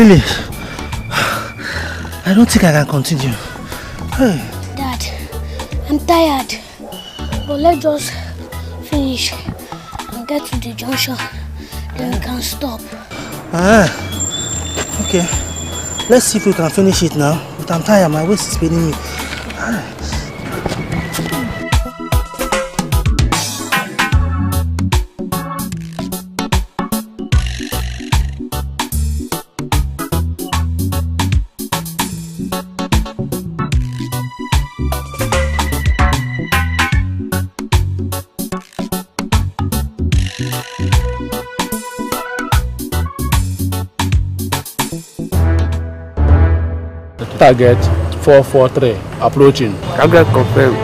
Lily, I don't think I can continue. Hey. Dad, I'm tired. But let's just finish and get to the junction. Then we can stop. Ah, okay. Let's see if we can finish it now. But I'm tired. My waist is spinning me. target 443 approaching. Target confirmed.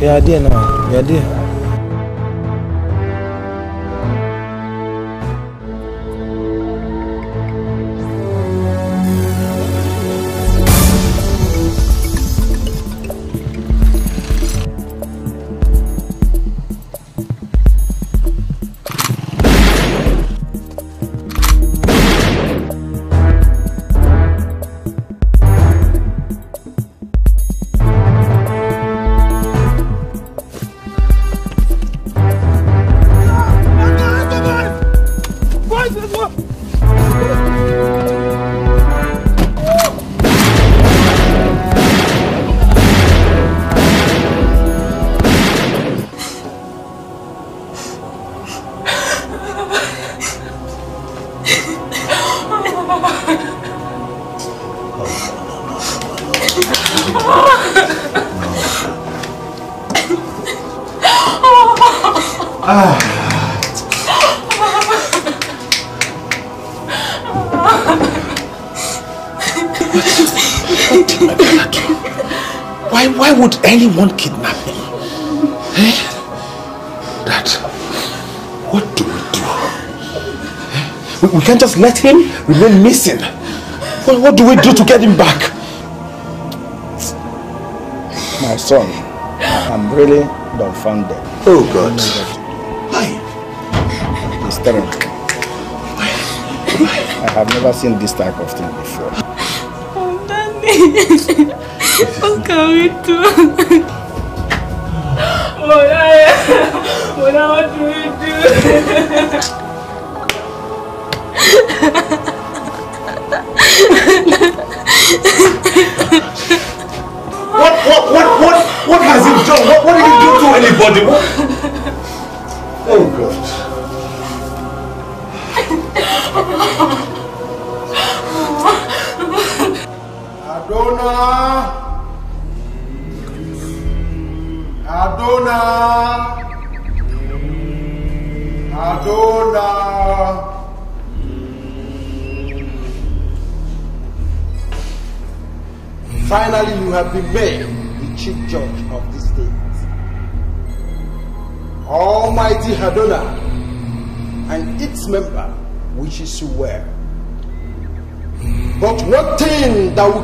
We are there now. We are there. someone kidnap me? Eh? Dad, what do we do? Eh? We, we can't just let him remain missing. What, what do we do to get him back? My son, I'm really dumbfounded. Oh God. Why? It's terrible. I have never seen this type of thing before. Oh, Danny. what can we do? now what do we do? what, what, what, what, what has he done? What, what did he do to anybody? What?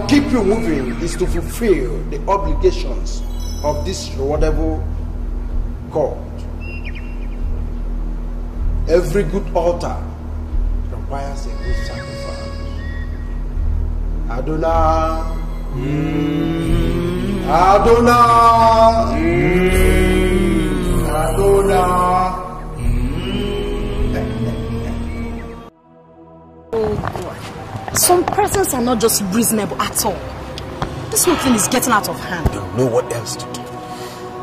keep you moving is to fulfill the obligations of this rewardable God. Every good altar requires a good sacrifice. Adonai, mm. Adonai, mm. Adonai. presents are not just reasonable at all. This whole thing is getting out of hand. I don't know what else to do.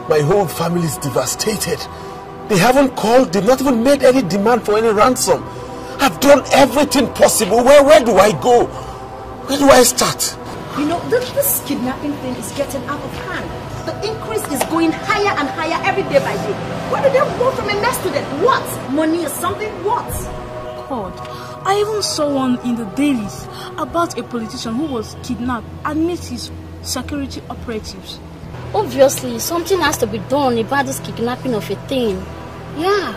My whole family is devastated. They haven't called, they've not even made any demand for any ransom. I've done everything possible. Where, where do I go? Where do I start? You know, this, this kidnapping thing is getting out of hand. The increase is going higher and higher every day by day. Where do they go from a mess to that? What? Money or something? What? God. I even saw one in the dailies about a politician who was kidnapped and met his security operatives. Obviously, something has to be done about this kidnapping of a thing. Yeah.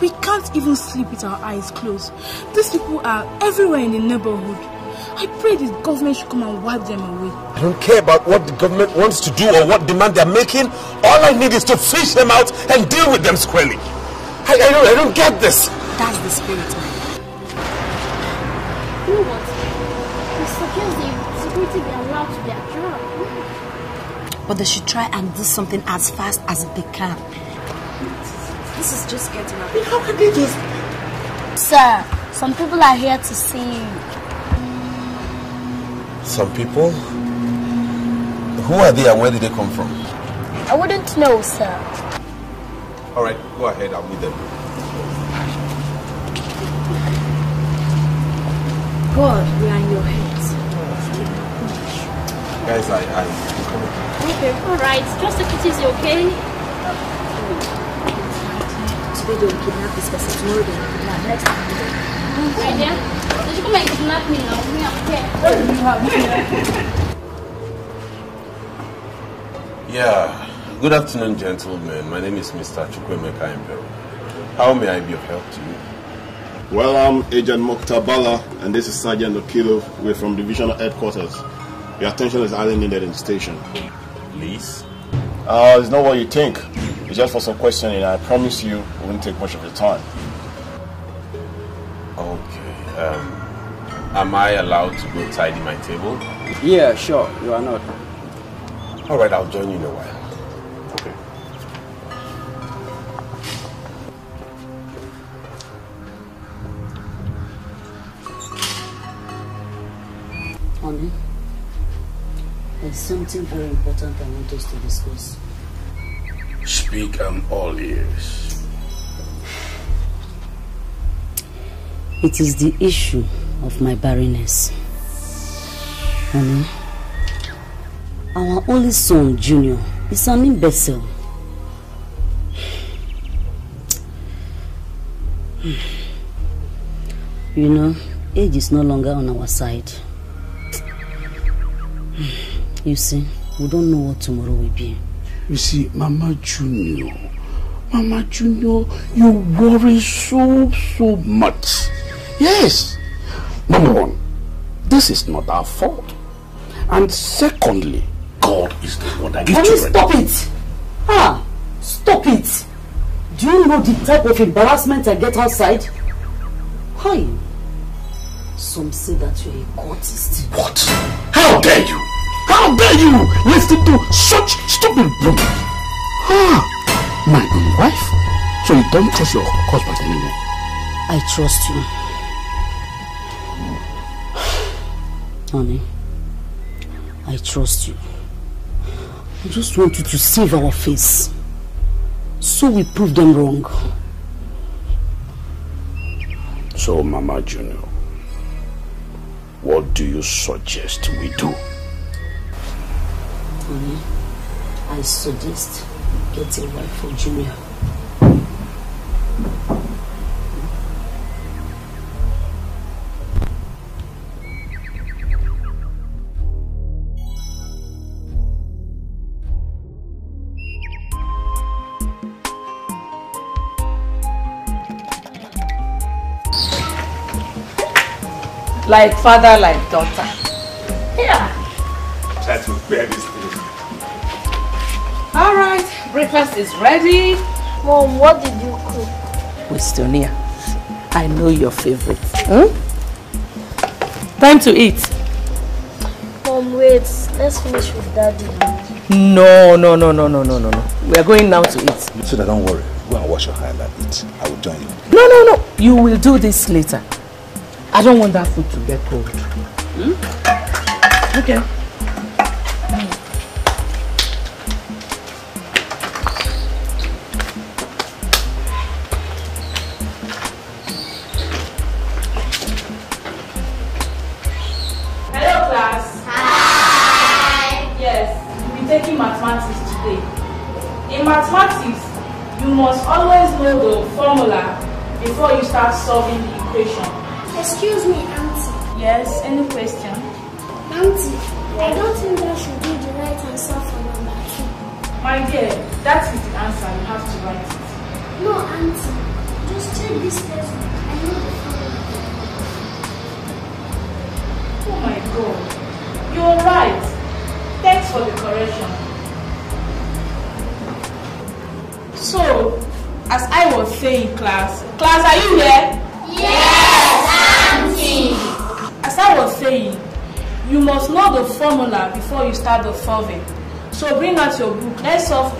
We can't even sleep with our eyes closed. These people are everywhere in the neighborhood. I pray the government should come and wipe them away. I don't care about what the government wants to do or what demand they're making. All I need is to fish them out and deal with them squarely. I, I, don't, I don't get this. That's the spirit, but they should try and do something as fast as they can. This is just getting out. How can they just... Sir, some people are here to see you. Some people? Who are they and where did they come from? I wouldn't know, sir. All right, go ahead, i will meet them. God, we are in your hands. Guys, I, I, Okay. All right. Just take it easy, okay? Today they will kidnap this person. Tomorrow they will kidnap. Next time. My dear, they should come and kidnap me now. Me, i Yeah. Good afternoon, gentlemen. My name is Mr. Chukwemeka Impero. How may I be of help to you? Well, I'm Agent Moktabala, and this is Sergeant Okilo. We're from Divisional Headquarters. Your attention is highly needed in the station. Please. Uh, it's not what you think. It's just for some questioning. I promise you, it won't take much of your time. Okay. Um, am I allowed to go tidy my table? Yeah, sure. You are not. All right, I'll join you in a while. There's something very important I want us to discuss. Speak, I'm all ears. It is the issue of my barrenness. Honey, our only son, Junior, is an imbecile. You know, age is no longer on our side. You see, we don't know what tomorrow will be. You see, Mama Junior, Mama Junior, you worry so, so much. Yes. Number one, this is not our fault. And secondly, God is the one that gives Can you stop it? Ah, stop it. Do you know the type of embarrassment I get outside? Hi. Some say that you're a courtist. What? How dare you? How dare you listen to such stupid woman? Huh? my own wife? So you don't trust your husband anymore? I trust you. Honey, I trust you. I just want you to save our face. So we prove them wrong. So, Mama Junior, what do you suggest we do? I suggest get a wife for Junior. Like father, like daughter. Yeah. Alright, breakfast is ready. Mom, what did you cook? Westonia, I know your favorite. Hmm? Time to eat. Mom, wait. Let's finish with daddy. No, no, no, no, no, no, no, no. We are going now to eat. So that don't worry. Go and wash your hands and eat. I will join you. No, no, no. You will do this later. I don't want that food to get cold. Hmm? Okay.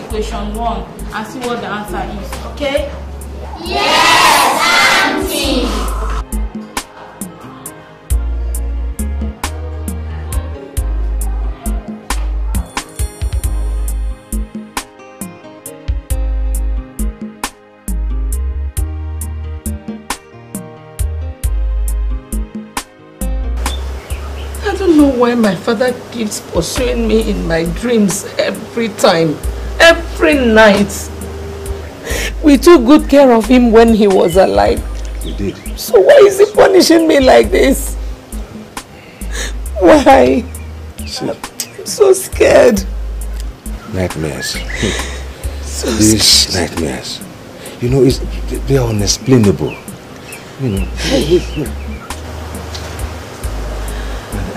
Question 1 and see what the answer is, okay? Yes, Auntie! I don't know why my father keeps pursuing me in my dreams every time every night. We took good care of him when he was alive. You did. So why is he punishing me like this? Why? See, I'm so scared. Nightmares. so These scared. nightmares. You know, it's, they are unexplainable. You know.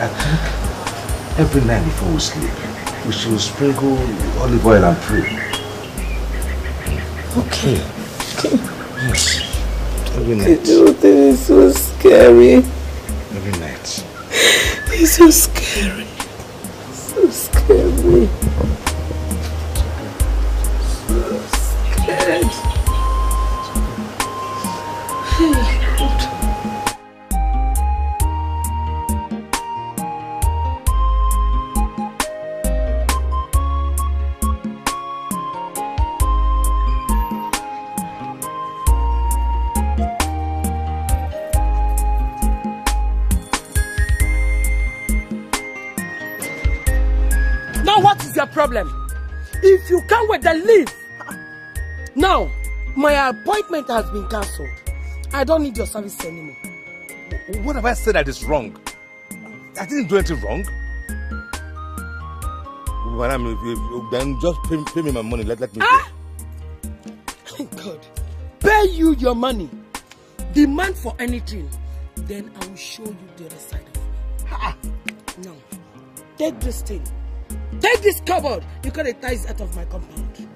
I think every night before we sleep, we should sprinkle olive oil and pray. Okay. Okay. Yes. Every night. The thing is so scary. Every night. It's so scary. So scary. appointment has been cancelled. I don't need your service anymore. What have I said that is wrong? I didn't do anything wrong. Madam, if you, then just pay, pay me my money. Let, let me ah! go. God. Pay you your money. Demand for anything. Then I will show you the other side of me. Ah. Now, take this thing. Take this cupboard. You got a ties out of my compound.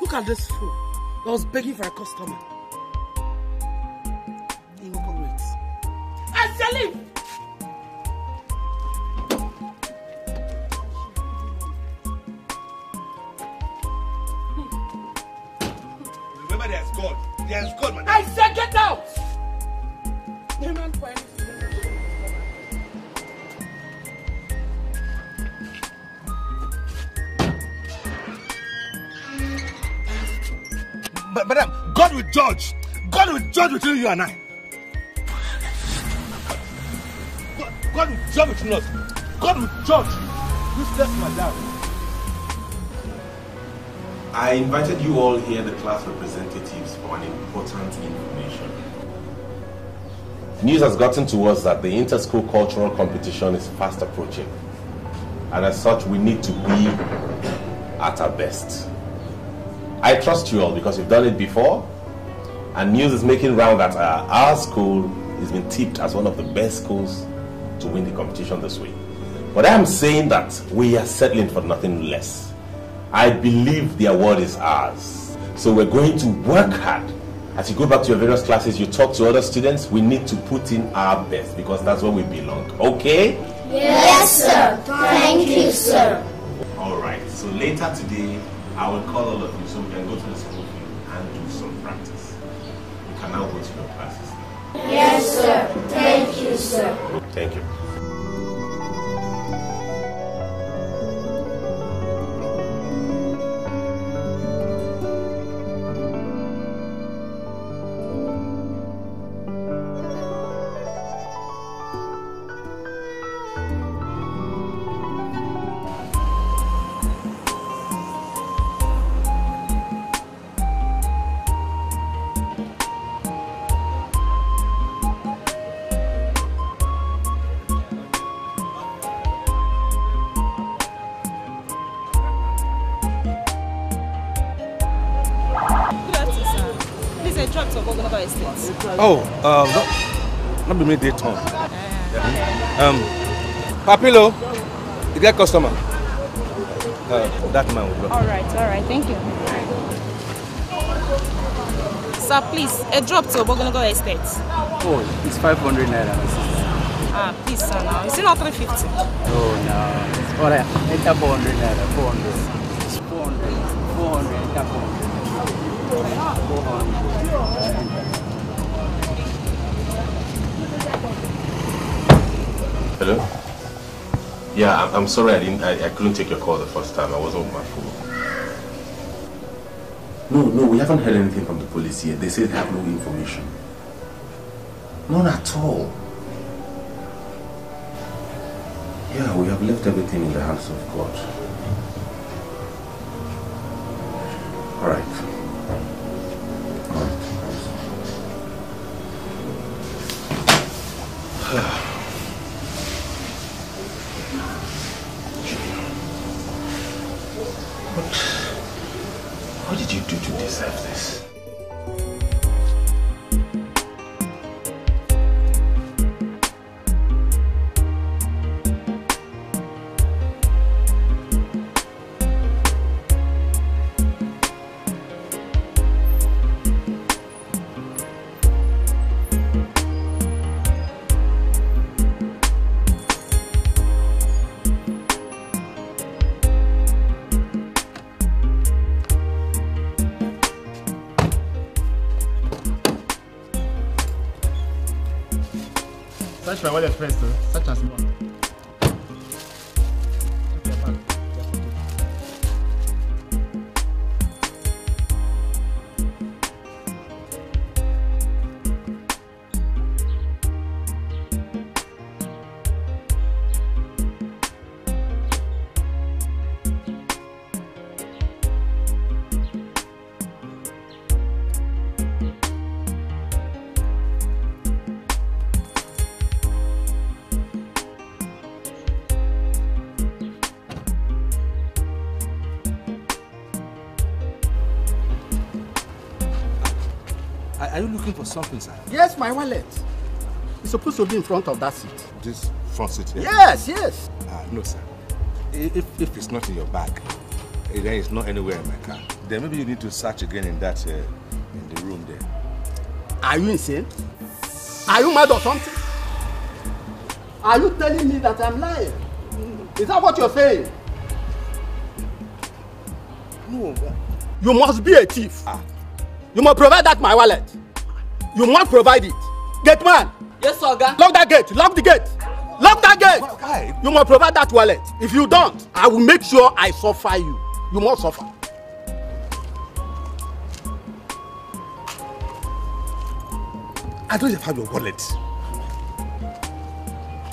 Look at this fool. I was begging for a customer. He will come wait. And Salim! Remember there's God. There's God, man. I said get out! The man for anything. but, but God will judge. God will judge between you and I. God, will judge between us. God will judge you. You my dad. I invited you all here, the class representatives, for an important information. News has gotten to us that the inter-school cultural competition is fast approaching. And as such, we need to be at our best. I trust you all because you've done it before. And news is making round that uh, our school has been tipped as one of the best schools to win the competition this week. But I am saying that we are settling for nothing less. I believe the award is ours. So we're going to work hard. As you go back to your various classes, you talk to other students, we need to put in our best because that's where we belong. Okay? Yes, sir. Thank you, sir. All right. So later today, I will call all of you so we can go to the school field and do some practice. You can now go to your classes Yes, sir. Thank you, sir. Thank you. Oh, uh, not, not be me date on. Um, Papillo, you get customer. Uh, that man will go. All right, all right, thank you. Sir, please, a drop to Obogonogo Estate. Oh, it's 500 naira. Ah, please, sir, now. Is it not 350? Oh, no. All right, enter 400 naira, 400. 400, 400, enter 400. 400. Hello? Yeah, I'm, sorry I didn't I, I, couldn't take your call the first time. I was on my phone. No, no, we haven't heard anything from the police yet. They said they have no information. None at all. Yeah, we have left everything in the hands of God. Travel Express. looking for something, sir. Yes, my wallet. It's supposed to be in front of that seat. This front seat here? Yes, yes. Uh, no, sir. If, if it's not in your bag, eh, then it's not anywhere in my car. Then maybe you need to search again in that, uh, in the room there. Are you insane? Are you mad or something? Are you telling me that I'm lying? Is that what you're saying? No. You must be a thief. Ah. You must provide that my wallet you must provide it gate man. yes sir oga. lock that gate lock the gate lock that gate okay. you must provide that wallet if you don't i will make sure i suffer you you must suffer. I don't have your wallet.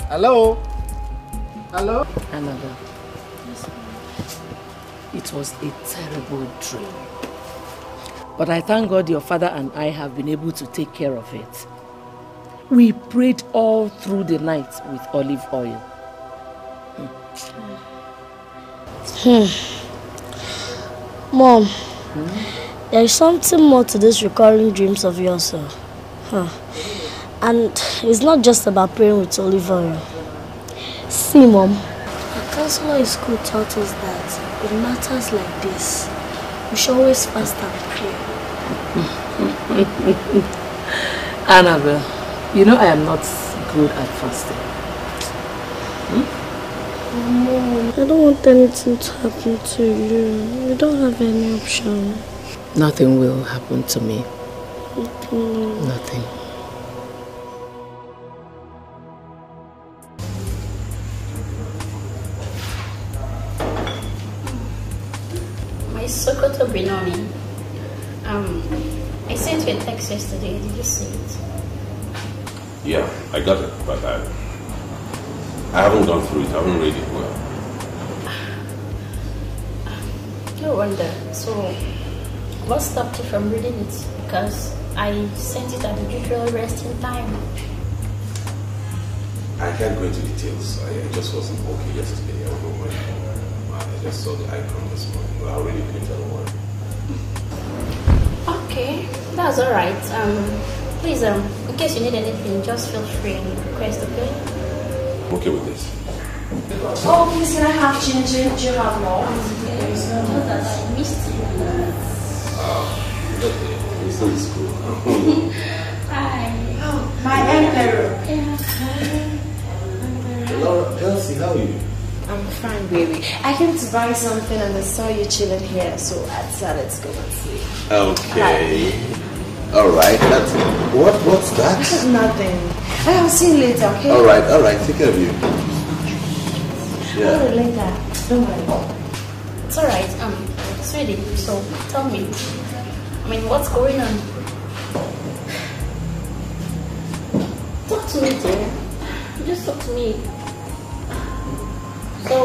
Hello? Hello? Another. it was a terrible dream. But I thank God your father and I have been able to take care of it. We prayed all through the night with olive oil. Hmm. Mom, hmm? there is something more to these recurring dreams of yours. Huh. And it's not just about praying with olive oil. See, Mom. Our counselor in school taught us that it matters like this, we should always fast and pray. Annabelle, you know I am not good at fasting. Hmm? I don't want anything to happen to you. You don't have any option. Nothing will happen to me. Mm -hmm. Nothing. the scenes. Yeah, I got it, but I, I haven't gone through it. I haven't read it well. No wonder. So, what stopped you from reading it? Because I sent it at the usual resting time. I can't go into details. I, just wasn't okay yesterday. I don't know why. I just saw the icon this morning. I already printed one. Okay that's all right. Um, please, um, in case you need anything, just feel free and request, okay? I'm okay with this. Oh, please, can I have ginger? Do you have more? Oh, I missed you. Oh, it's not school. Hi. Oh, my emperor. Yeah. Laura, Elsie, how are you? I'm fine, baby. I came to buy something and I saw you chilling here, so I decided to go and see. Okay. Hi. All right. That's what? What's that? Nothing. I'll see you later. Okay. All right. All right. Take care of you. Yeah. later. Don't worry. It's all right. Um, sweetie. So tell me. I mean, what's going on? Talk to me, dear. Just talk to me. So,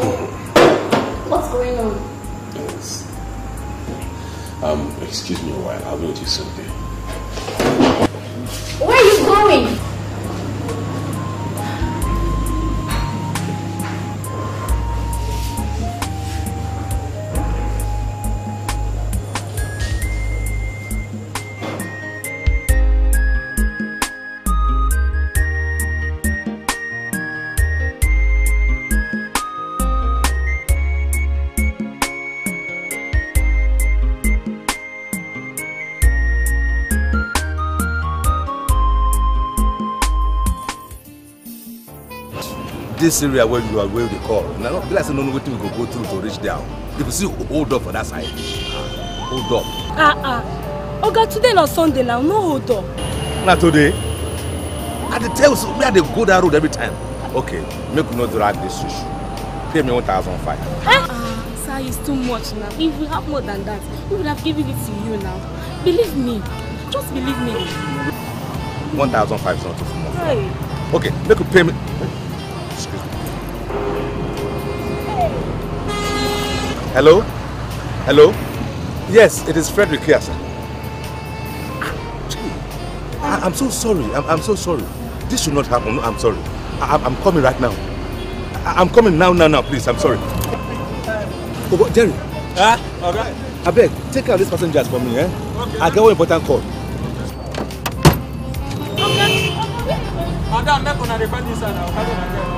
what's going on? Um, excuse me a while. I'll be you soon, where are you going? This area where you are where you call na not be like no know wetin we go go through to reach there if you see hold up for that side ah, hold up. ah ah oga today na sunday now no hold up. na today i the tell you say where i go that road every time okay make no drag this issue pay me one thousand five. ah, ah. sir it's too much now if we have more than that we would have given it to you now believe me just believe me. one thousand five is not too much. Hey. okay make you pay me. Hello? Hello? Yes, it is Frederick here, sir. Ah, I, I'm so sorry. I'm, I'm so sorry. This should not happen. No, I'm sorry. I, I'm coming right now. I, I'm coming now, now, now, please. I'm sorry. Oh, but Jerry. Ah, huh? all right. I beg, take care of these passengers for me, eh? Okay. I got one important call. Okay. Madam, make una refer this and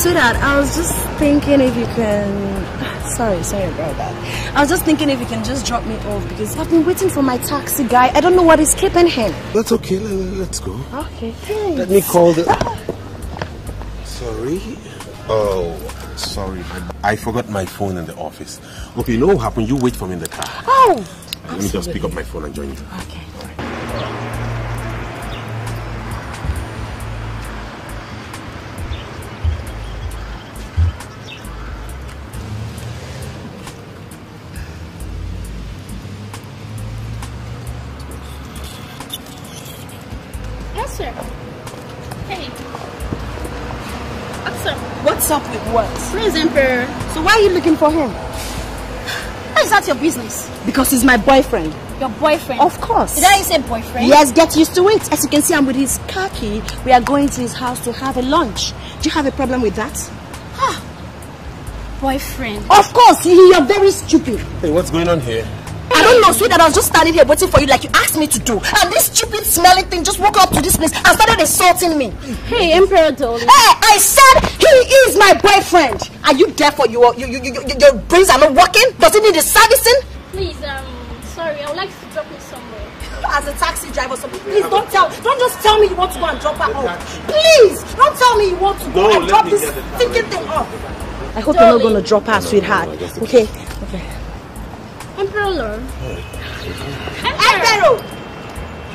sweetheart i was just thinking if you can sorry sorry about that i was just thinking if you can just drop me off because i've been waiting for my taxi guy i don't know what is keeping him that's okay let's go okay thanks. let me call the ah. sorry oh sorry i forgot my phone in the office okay you know what happened you wait for me in the car oh absolutely. let me just pick up my phone and join you okay looking for him? is that your business? Because he's my boyfriend. Your boyfriend? Of course. Did I say boyfriend? Yes, get used to it. As you can see, I'm with his khaki. We are going to his house to have a lunch. Do you have a problem with that? Ah, boyfriend. Of course, you're very stupid. Hey, what's going on here? I don't know, sweetheart. I was just standing here waiting for you like you asked me to do. And this stupid smelly thing just woke up to this place and started assaulting me. Hey, Emperor Dolly. Hey, I said he is my boyfriend. Are you deaf or you, you, you, you, your brains are not working? Does it need a servicing? Please, um, sorry, I would like to drop you somewhere. As a taxi driver, so please don't tell, don't just tell me you want to go and drop her off. Please, don't tell me you want to go no, and drop this thinking thing off. I hope Darling. you're not going to drop her, sweetheart. No, no, okay, okay. Emperor Emperor!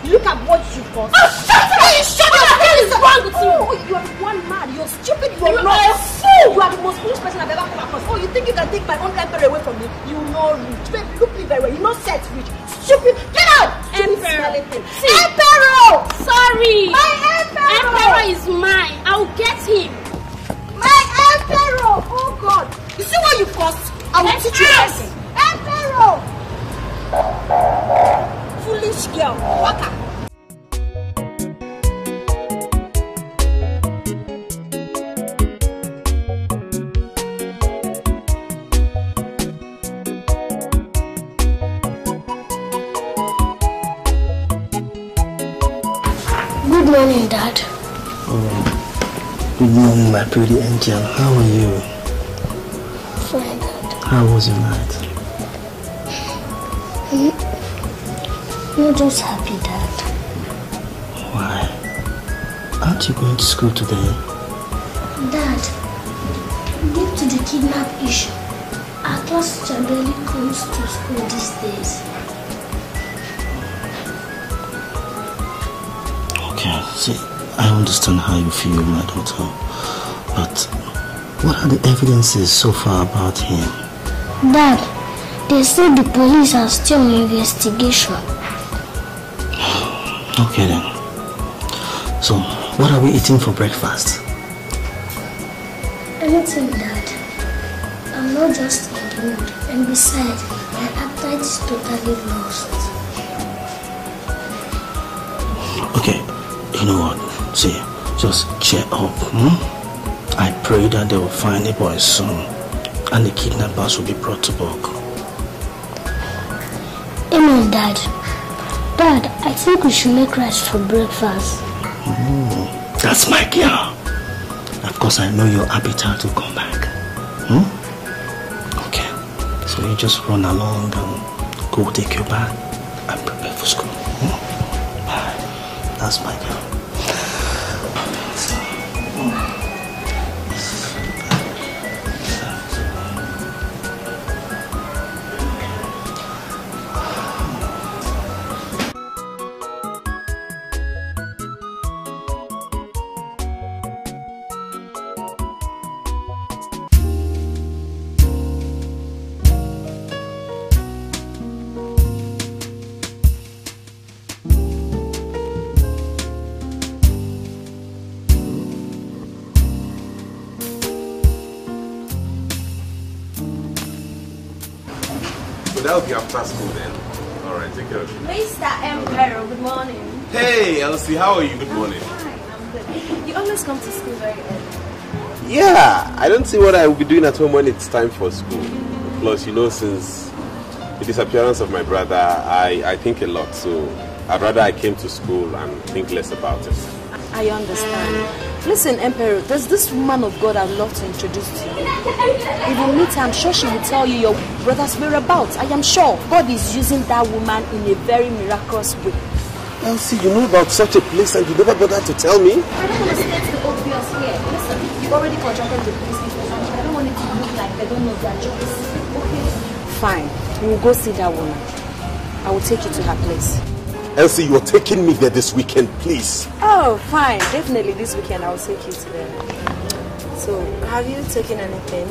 Look at what you've got. Oh, shut up! shut up! What is wrong with you? Oh, you are one mad. You're stupid. You are not. a fool. You are the most foolish person I've ever come across. Oh, you think you can take my own emperor away from me? You know rich. Wait, look me very well. You know set rich. Stupid. Get out. Emperor. See, emperor. Sorry. My emperor. Emperor is mine. I will get him. My emperor. Oh God. You see what you caused? I will teach you lesson. Emperor. Foolish girl. Walker. my pretty angel. How are you? Fine. How was your night? I'm mm-hmm. just happy, Dad. Why? Aren't you going to school today? Dad, due to the kidnap issue, our class barely comes to school these days. Okay, see, I understand how you feel, my daughter. But what are the evidences so far about him? Dad, they say the police are still on investigation. Okay then. So, what are we eating for breakfast? Anything, Dad. I'm not just in the mood. And besides, my appetite is totally lost. Okay, you know what? See, just cheer up. Hmm? I pray that they will find the boy soon and the kidnappers will be brought to book. Amen, Dad. Dad, I think we should make rice for breakfast. Mm, that's my girl. Of course, I know your appetite will come back. Hmm? Okay. So you just run along and go take your bath. how are you? Good morning. I'm I'm good. You always come to school very early. Yeah, I don't see what I will be doing at home when it's time for school. Plus, you know, since the disappearance of my brother, I, I think a lot. So I'd rather I came to school and think less about it. I understand. Listen, Emperor, there's this woman of God I'd love to introduce to you. If you meet her, I'm sure she will tell you your brother's whereabouts. I am sure God is using that woman in a very miraculous way. Elsie, you know about such a place and you never bothered to tell me? I don't want to state the obvious here. Listen, you've already contracted the police and I don't want it to look like they don't know their jobs. Okay? Fine. We will go see that woman. I will take you to her place. Elsie, you're taking me there this weekend, please. Oh, fine. Definitely this weekend I'll take you to there. So, have you taken anything?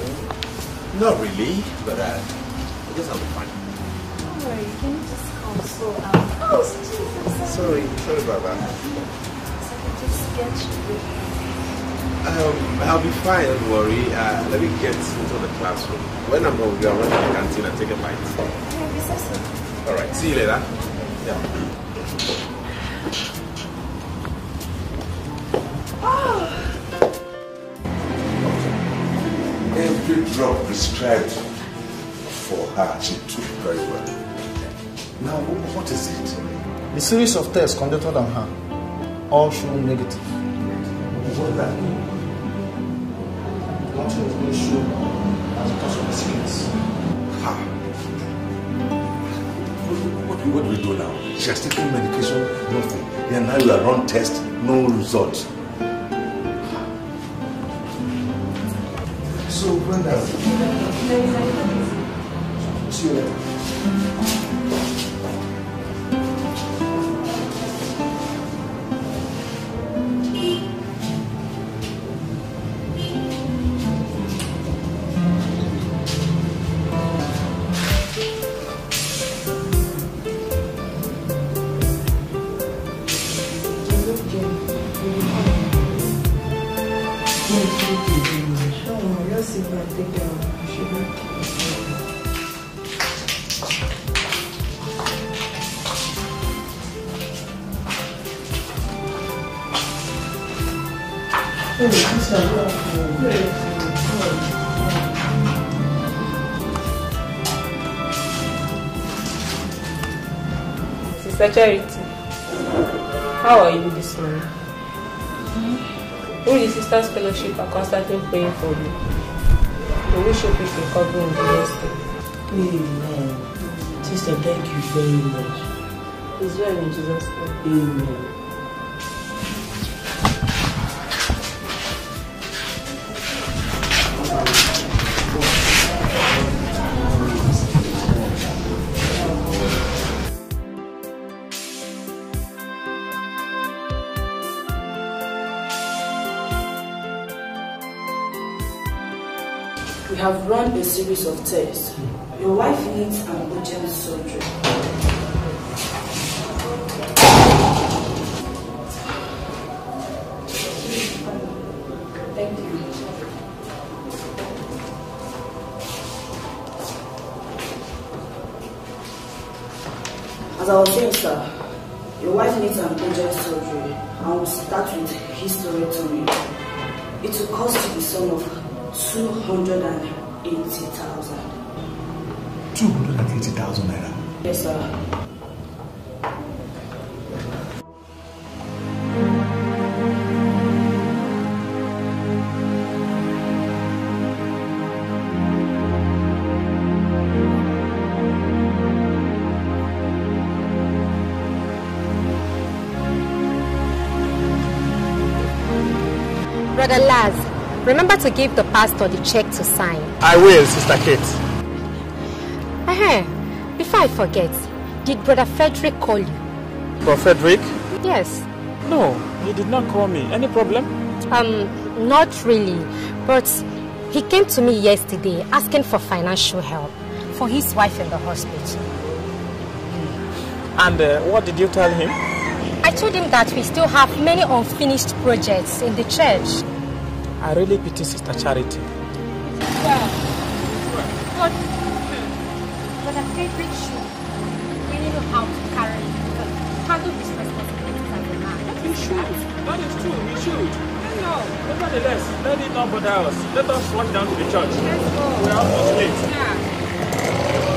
Not really, but uh, I guess I'll be fine. Don't worry, you just come so out? Um, sorry, sorry about that. Um, I'll be fine, don't worry. Uh, let me get into the classroom. When I'm home, I'll run to the canteen and take a bite. Alright, see you later. Yeah. Oh. Every drop prescribed for her, she took very well. Now, what is it? The series of tests conducted on her all show negative. What does that mean? Nothing has been shown as a cause of the series. Ha! What, what, what do we do now? She has taken medication, nothing. And now you are run test, no result. So, Brenda. See you later. Charity, how are you this morning? All the sisters' fellowship are constantly praying for you. We wish you quick recovery in the next day. Amen. Sister, thank you very much. It's well in Jesus' name. Amen. series of tests 280,000. 280,000 naira? Yes, sir. Remember to give the pastor the check to sign. I will, Sister Kate. Uh -huh. Before I forget, did Brother Frederick call you? Brother Frederick? Yes. No, he did not call me. Any problem? Um, not really. But he came to me yesterday asking for financial help for his wife in the hospital. And uh, what did you tell him? I told him that we still have many unfinished projects in the church. I really pity Sister Charity. Well, but, but I'm very sure we need know how to carry it, handle this responsibility as a man. We should. That is true. We should. No. Nevertheless, let it not bother us. Let us walk down to the church. Let's go. We are almost late. Yeah.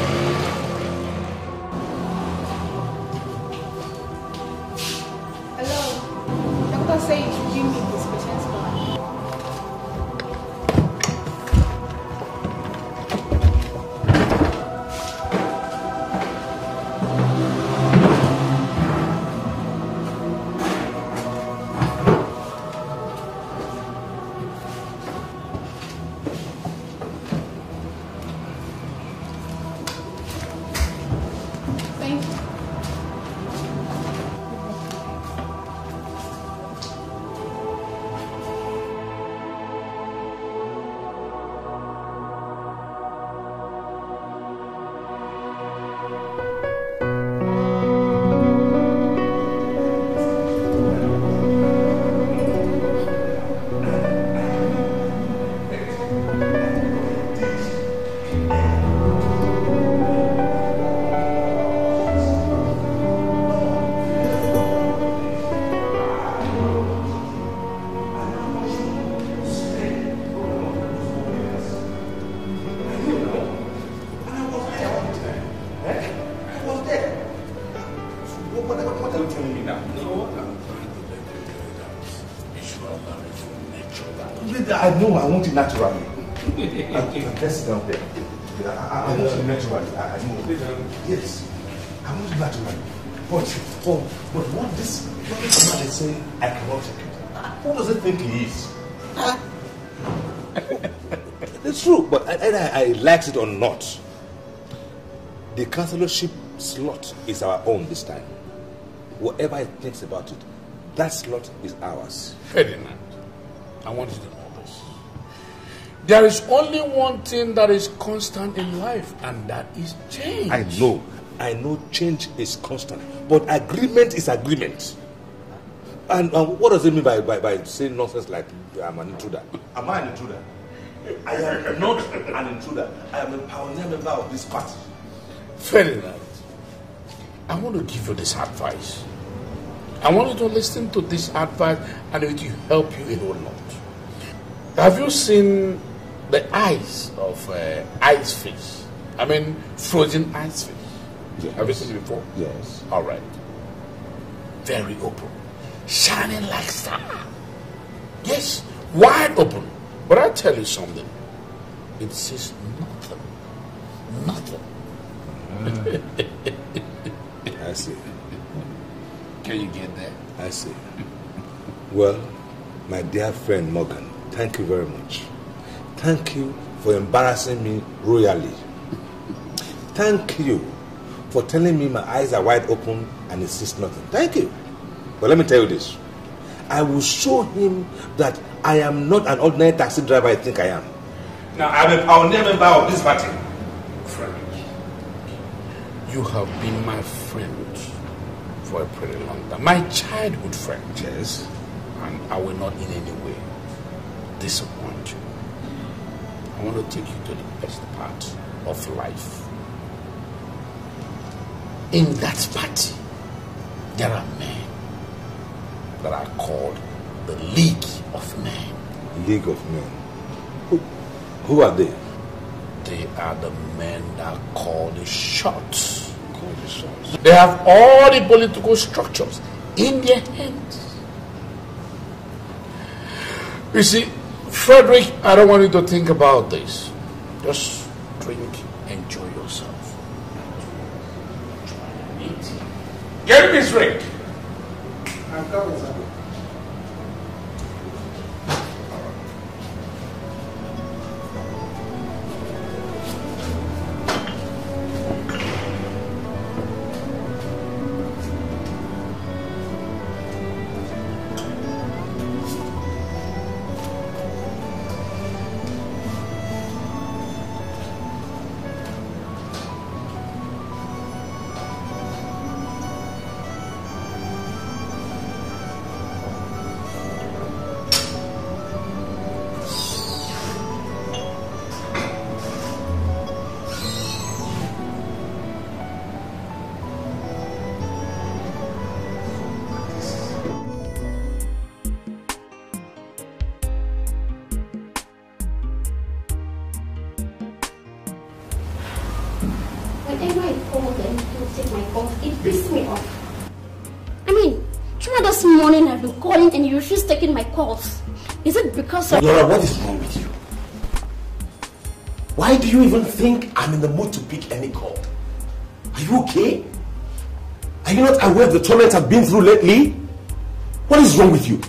likes it or not, the councillorship slot is our own this time. Whatever it thinks about it, that slot is ours. Ferdinand, I want you to know this. There is only one thing that is constant in life, and that is change. I know. I know change is constant, but agreement is agreement. And what does it mean by, by, by saying nonsense like I'm an intruder? Am I an intruder? I am not an intruder. I am a pioneer member of this party. Ferdinand, I want to give you this advice. I want you to listen to this advice and it will help you a whole lot. Have you seen the eyes of uh, ice fish? I mean, frozen ice fish. Yes. Have you seen it before? Yes. All right. Very open. Shining like star. Yes, wide open. But I tell you something, it says nothing. Nothing. I see. Can you get that? I see. Well, my dear friend Morgan, thank you very much. Thank you for embarrassing me royally. Thank you for telling me my eyes are wide open and it sees nothing. Thank you. But let me tell you this. I will show him that I am not an ordinary taxi driver I think I am. Now, I will, a never member of this party. Frank, you have been my friend for a pretty long time. My childhood friend. Yes. And I will not in any way disappoint you. I want to take you to the best part of life. In that party, there are men that are called the League of Men. League of Men. Who, who are they? They are the men that call the shots. Call the shots. They have all the political structures in their hands. You see, Frederick, I don't want you to think about this. Just drink, enjoy yourself. Get me straight. refuse taking my calls. Is it because of... Laura, what is wrong with you? Why do you even think I'm in the mood to pick any call? Are you okay? Are you not aware of the torment I've been through lately? What is wrong with you?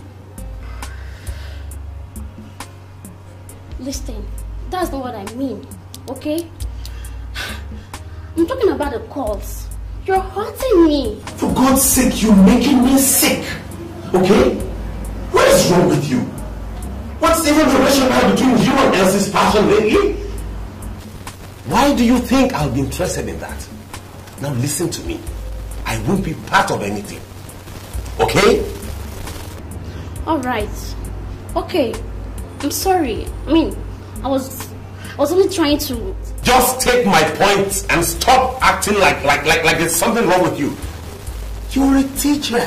think I'll be interested in that. Now listen to me. I won't be part of anything. Okay? Alright. Okay. I'm sorry. I mean, I was I was only trying to just take my point and stop acting like like like like there's something wrong with you. You're a teacher.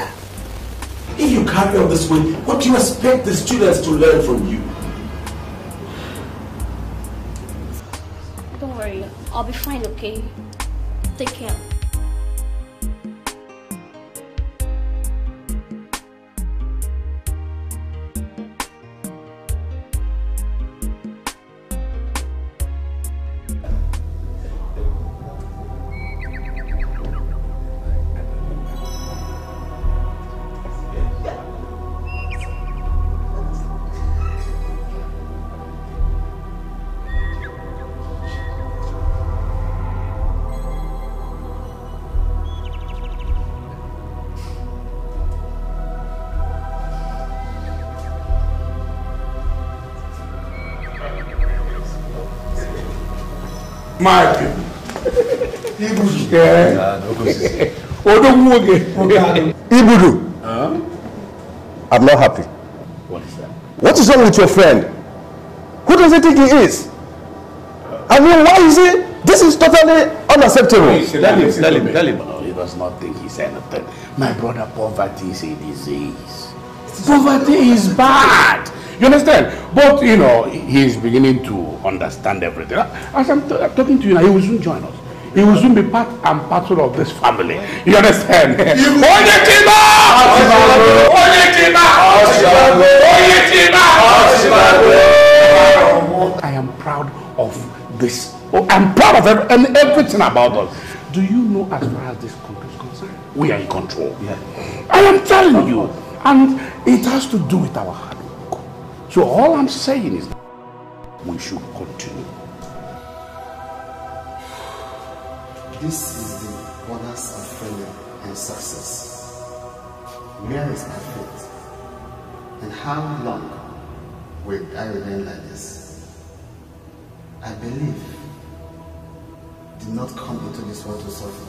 If you carry on this way, what do you expect the students to learn from you? I'll be fine, okay? Take care. Mark. Ibudu. Odogwoge. Ibudu. Huh? I'm not happy. What is that? What is wrong with your friend? Who does he think he is? I mean, why is he? This is totally unacceptable. Tell him, tell him, tell him. he does not think he's anything. My brother, poverty is a disease. Poverty is bad. You understand? But, you know, he's beginning to understand everything. As I'm, talking to you now, he will soon join us. He will soon be part and parcel of this family. You understand? Onyekima! Onyekima! Onyekima! I am proud of this. Oh, I'm proud of and everything about us. Do you know as far as this country is concerned? We are in control. Yeah. I am telling you. And it has to do with our heart. So all I'm saying is we should continue. This is the honors of failure and success. Where is my faith? And how long will I remain like this? I believe did not come into this world to suffer.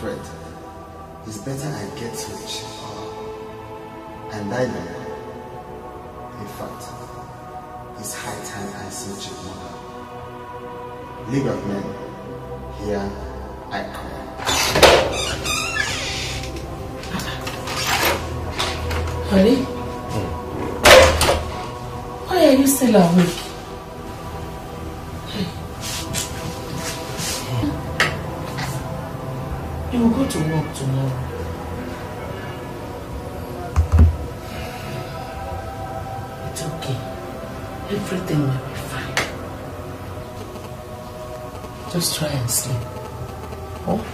Fred, it's better I get rich and I die In fact, it's high time I see your mother. League of Men, here I come. Honey? Hmm. Why are you still awake? You will go to work tomorrow. Everything will be fine. Just try and sleep. Oh?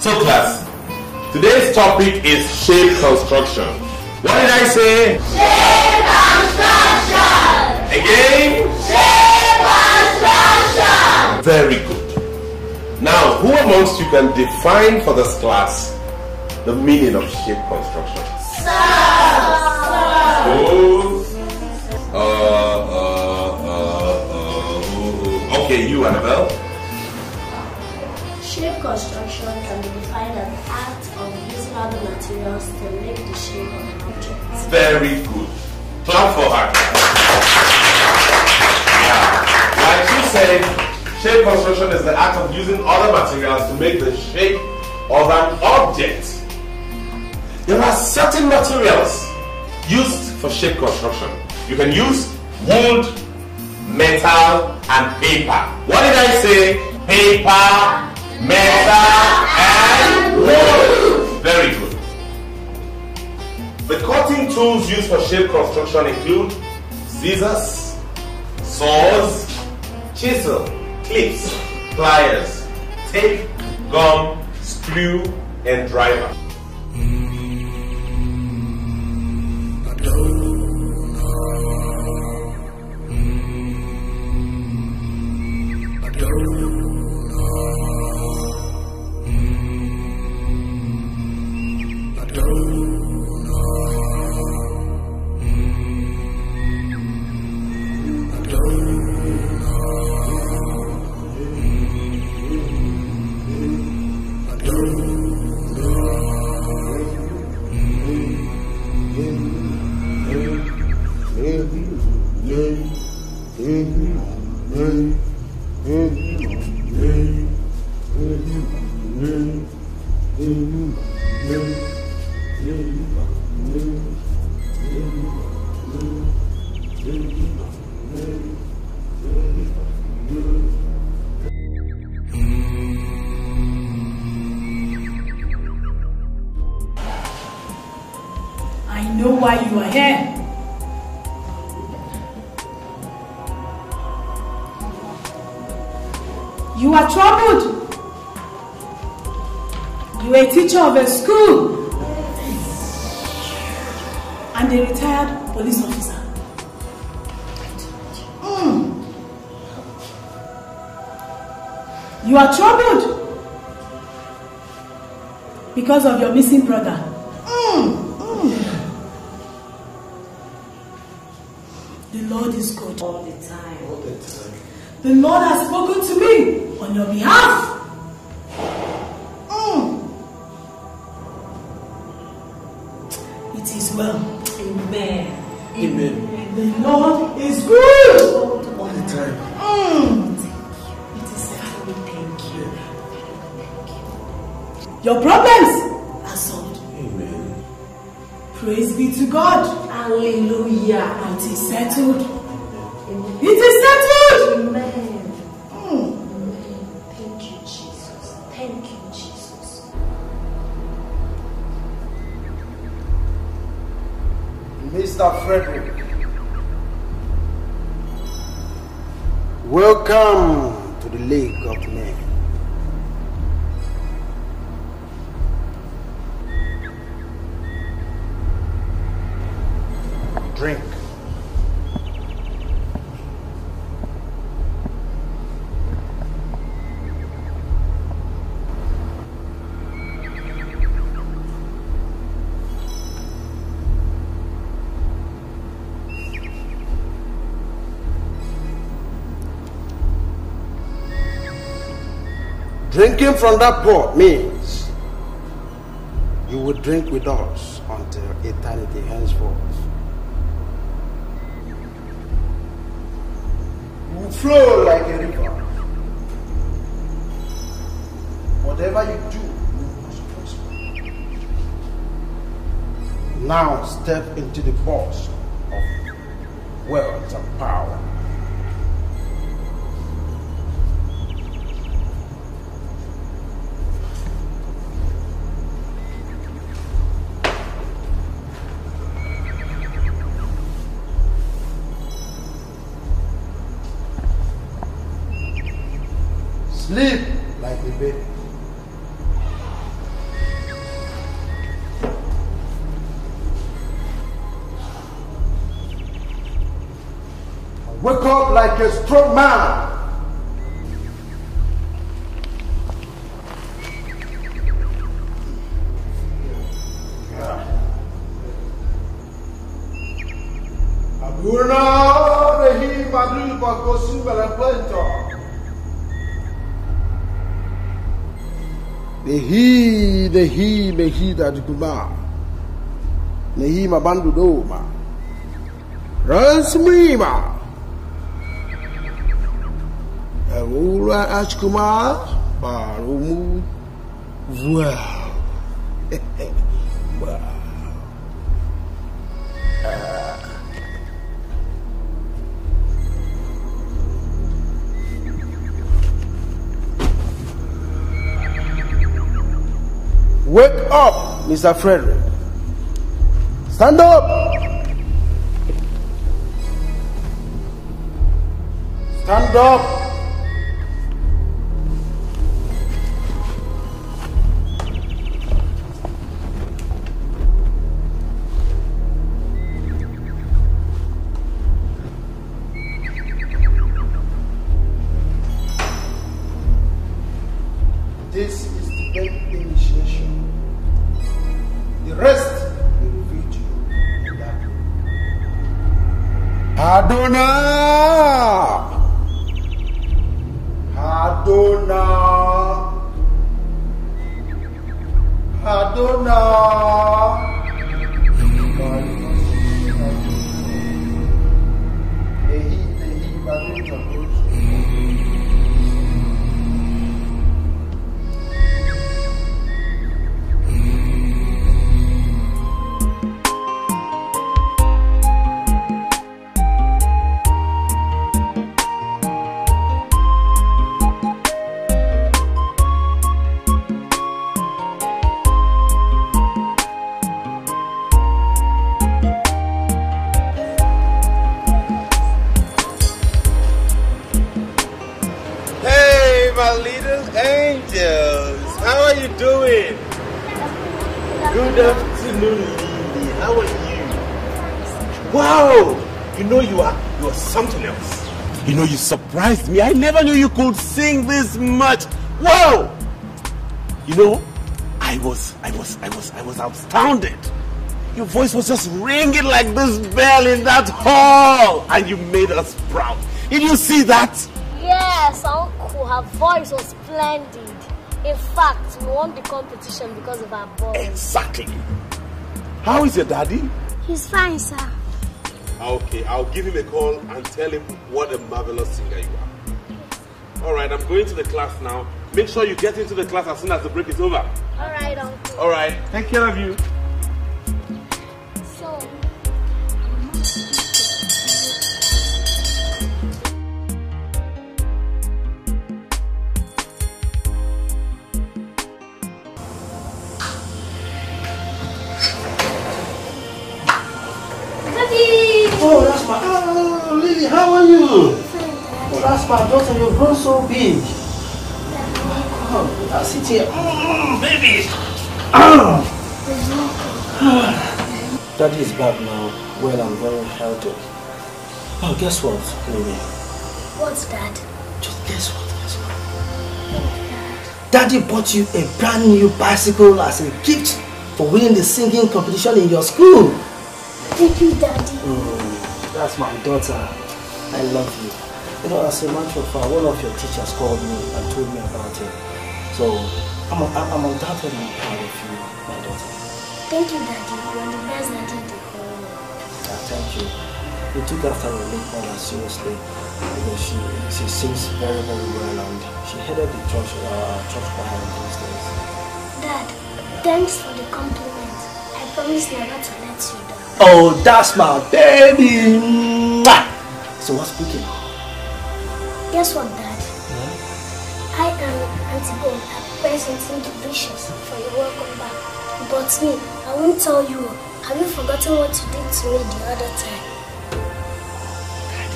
So class, Today's topic is shape construction. What did I say? Shape construction! Again? Shape construction! Very good. Now, who amongst you can define for this class the meaning of shape construction? Sir! Oh, uh, uh, uh, okay, you, Annabelle? Shape construction can be defined as other materials to make the shape of an object. Very good. Clap for her. Yeah. Like she said, shape construction is the act of using other materials to make the shape of an object. There are certain materials used for shape construction. You can use wood, metal, and paper. What did I say? Paper, metal, and wood. Very good. The cutting tools used for shape construction include scissors, saws, chisel, clips, pliers, tape, gum, screw, and driver. of a school and a retired police officer. Mm. You are troubled because of your missing brother. Mm. Mm. The Lord is good all the time. All the time. The Lord has spoken to me on your behalf. well. Amen. Amen. Amen. The Lord is good all the time. Mm. It is Father, thank you. Your problems are solved. Amen. Praise be to God. Hallelujah. It is settled. Amen. It is settled. Amen. Mr. Frederick. Welcome to the League of Men. Drinking from that pot means you will drink with us until eternity henceforth. You will flow like a river. Whatever you do, you must prosper. Now step into the force of wealth and power. hida di kuma ne hi ma bandu do ma rasmi ma e wula as kuma ba rumu wa wow. Mr. Frederick. Stand up! Stand up! Adonai. surprised me. I never knew you could sing this much. Wow! You know, I was, I was, I was, I was astounded. Your voice was just ringing like this bell in that hall, and you made us proud. Did you see that? Yes, Uncle. Her voice was splendid. In fact, we won the competition because of her voice. Exactly. How is your daddy? He's fine, sir. Ah, okay, I'll give him a call and tell him what a marvelous singer you are. All right, I'm going to the class now. Make sure you get into the class as soon as the break is over. All right, Uncle. All right, take care of you. both you have grown so big. Oh, God, sit here. Mm, baby! Daddy is back now, well and very healthy. Oh, guess what, baby? What's that? Just guess what, guess what? Daddy bought you a brand new bicycle as a gift for winning the singing competition in your school. Thank you, Daddy. Mm, that's my daughter. I love you. You know, as a matter of fact, one of your teachers called me and told me about it. So I'm, I'm, I'm undoubtedly proud of you, my daughter. Thank you, Daddy. You are the best daddy in the whole thank you. You took after your late mother seriously. Because she, she sings very, very well and she headed the church, uh, church choir these days. Dad, thanks for the compliment. I promise never to let you down. Oh, that's my baby! So what's cooking? Guess what, Dad? Hmm? I am Auntie a are presenting the for your welcome back. But me, I won't tell you. Have you forgotten what you did to me the other time? Daddy.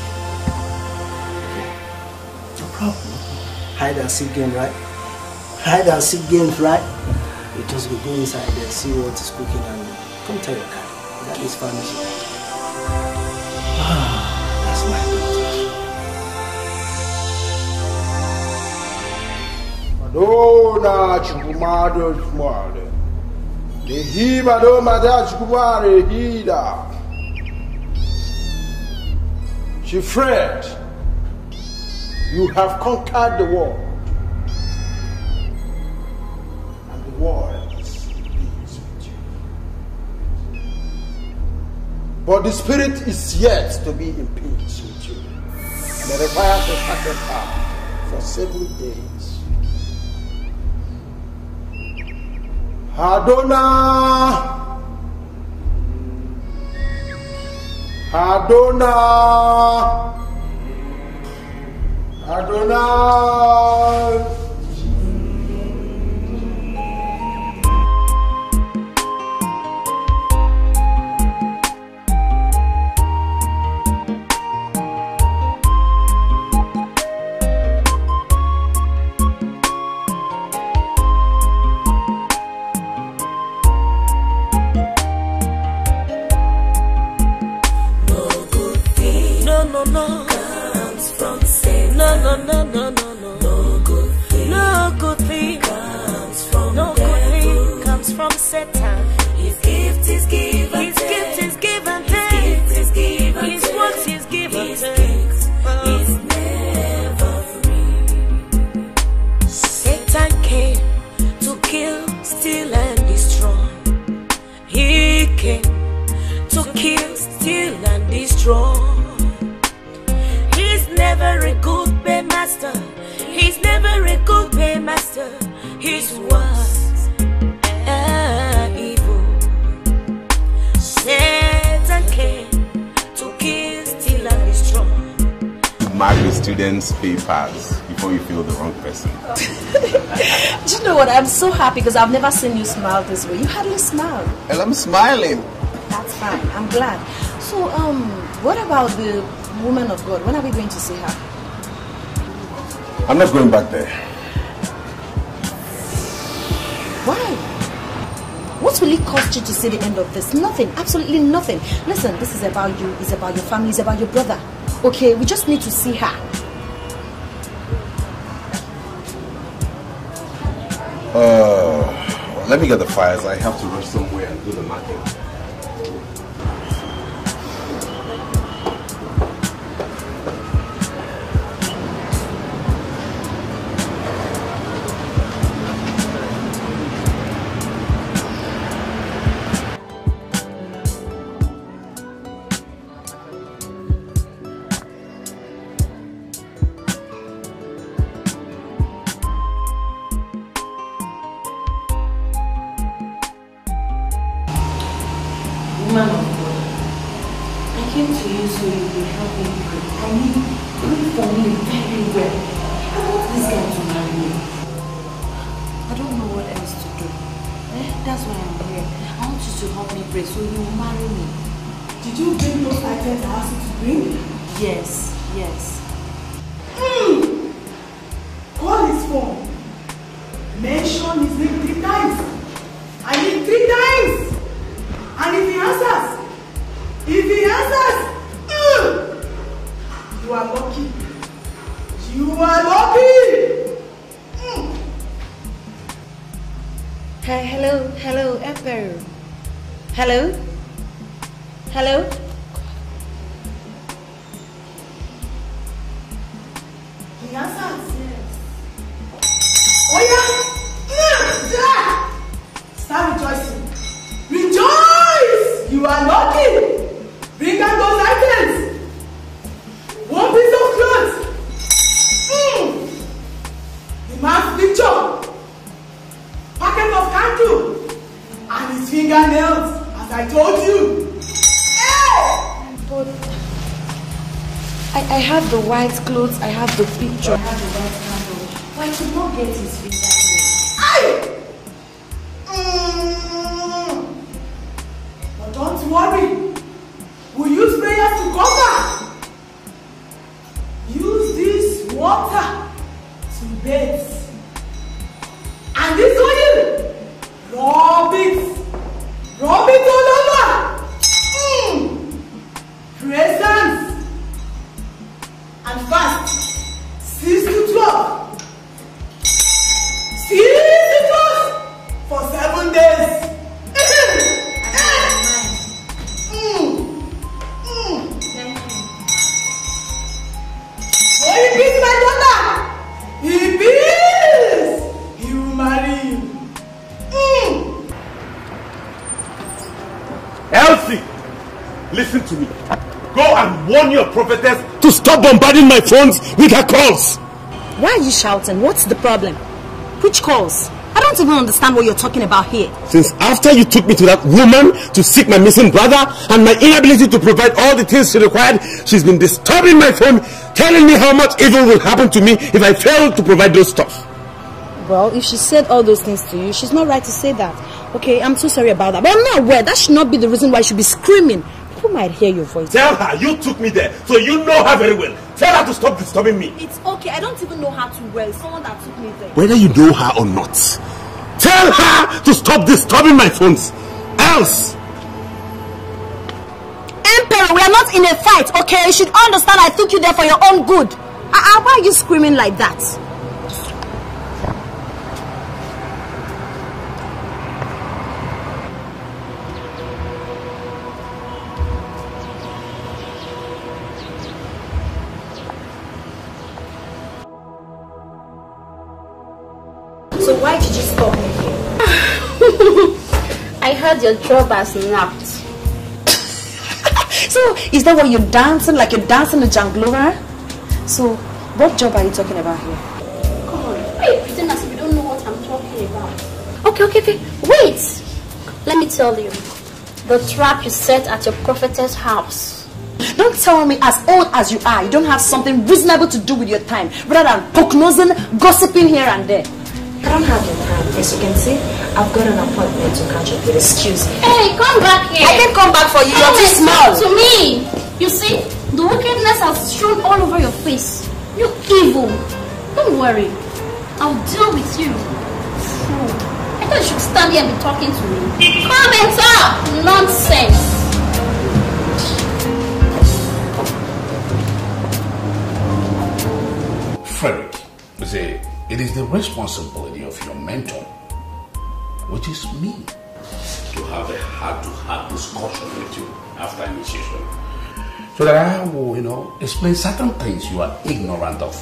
No problem. Hide and seek game, right? Hide and seek games, right? You just go go inside there, see what is cooking and come tell your cat. That is family. Ah. na chikumado chimwale nehiba do mata chikumwale hida Chifred, you have conquered the world. And the world is with you. But the spirit is yet to be in peace with you. And the fire shall for seven days. Adona, Adona, Adona. from Satan. His gift is given. His gift is given. His gift is given. His works is given. His oh. never free. Satan came to kill, steal, and destroy. He came to kill, steal, and destroy. He's never a good paymaster. He's never a good paymaster. He's mark the students' papers before you feel the wrong person. Do you know what? I'm so happy because I've never seen you smile this way. You hardly smile. And I'm smiling. That's fine. I'm glad. So, um, what about the woman of God? When are we going to see her? I'm not going back there. Why? What will it cost you to see the end of this? Nothing. Absolutely nothing. Listen, this is about you. It's about your family. It's about your brother. Okay, we just need to see her. Uh, let me get the files. I have to rush somewhere and do the marking. That's why I'm here. I want you to help me pray so you will marry me. Did you bring those items I asked you to bring? Yes, yes. Mm. Call his phone. Mention his name three times. I need three times. And if he answers, hello, hello, Emperor. Hello? Hello? right clothes, I have the picture, I have the right could not get his finger. bombarding my phones with her calls. Why are you shouting? What's the problem? Which calls? I don't even understand what you're talking about here. Since after you took me to that woman to seek my missing brother and my inability to provide all the things she required, she's been disturbing my phone, telling me how much evil will happen to me if I fail to provide those stuff. Well, if she said all those things to you, she's not right to say that. Okay, I'm so sorry about that. But I'm not aware. That should not be the reason why I should be screaming might hear your voice. Tell her you took me there, so you know her very well. Tell her to stop disturbing me. It's okay. I don't even know her too well. Someone that took me there. Whether you know her or not, tell her to stop disturbing my phones. Else. Emperor, we are not in a fight, okay? You should understand I took you there for your own good. Uh, why are you screaming like that? the job has snapped. so, is that what you're dancing? Like you're dancing the janglora? So, what job are you talking about here? Come on, why are you pretending as if you don't know what I'm talking about? Okay, okay, okay. Wait! Let me tell you. The trap you set at your prophetess house. Don't tell me as old as you are, you don't have something reasonable to do with your time rather than nosing, gossiping here and there. I don't have time, as you can see. I've got an appointment to catch up with. Excuse me. Hey, come back here. I can come back for you. You're too small. To me. You see, the wickedness has shown all over your face. You evil. Don't worry. I'll deal with you. I thought you should stand here and be talking to me. and up! Nonsense. Frederick, it is the responsibility of your mentor which is me, to have a heart-to-heart discussion with you after initiation. So that I will, you know, explain certain things you are ignorant of.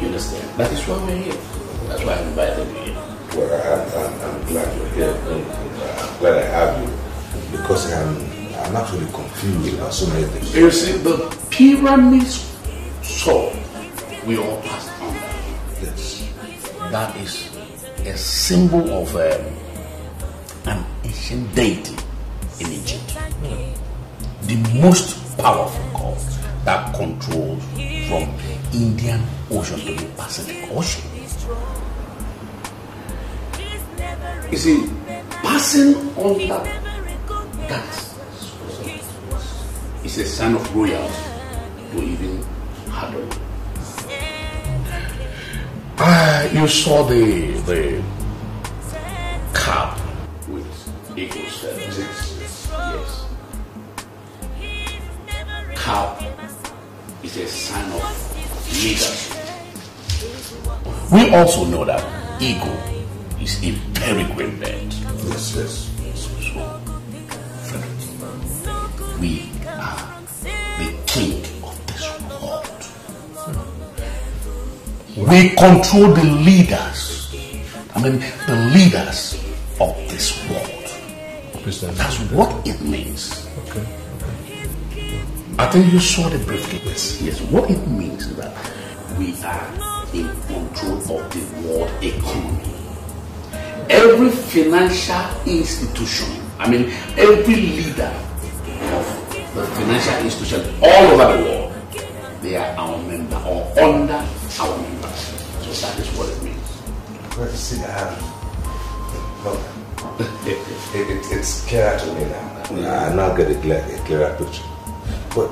You understand? That is why we're here. That's why I invited you here. Well, I, am I'm glad you're here. Uh, I'm glad I have you. Because I'm, I'm actually confused about so many things. You see, the pyramids so we all passed on. Yes. That is a symbol of um, an ancient deity in Egypt. The most powerful god that controls from Indian Ocean to the Pacific Ocean. You see, passing on that, that is a sign of royalty to even hardware. Uh, you saw the the cow with eagle's seven. Yes. Cow is a sign of leadership. We also know that ego is a peregrine bed. Yes, yes. We control the leaders. I mean, the leaders of this world. That's what it means. Okay. I think you saw the briefcase. Yes. Yes. What it means is that we are in control of the world economy. Every financial institution, I mean, every leader of the financial institution all over the world, they are our member or under our member. That is not just what it means. Great to see you, Look, it, it, it's clear to me now. Nah, I'm not getting to clear, a clearer picture. But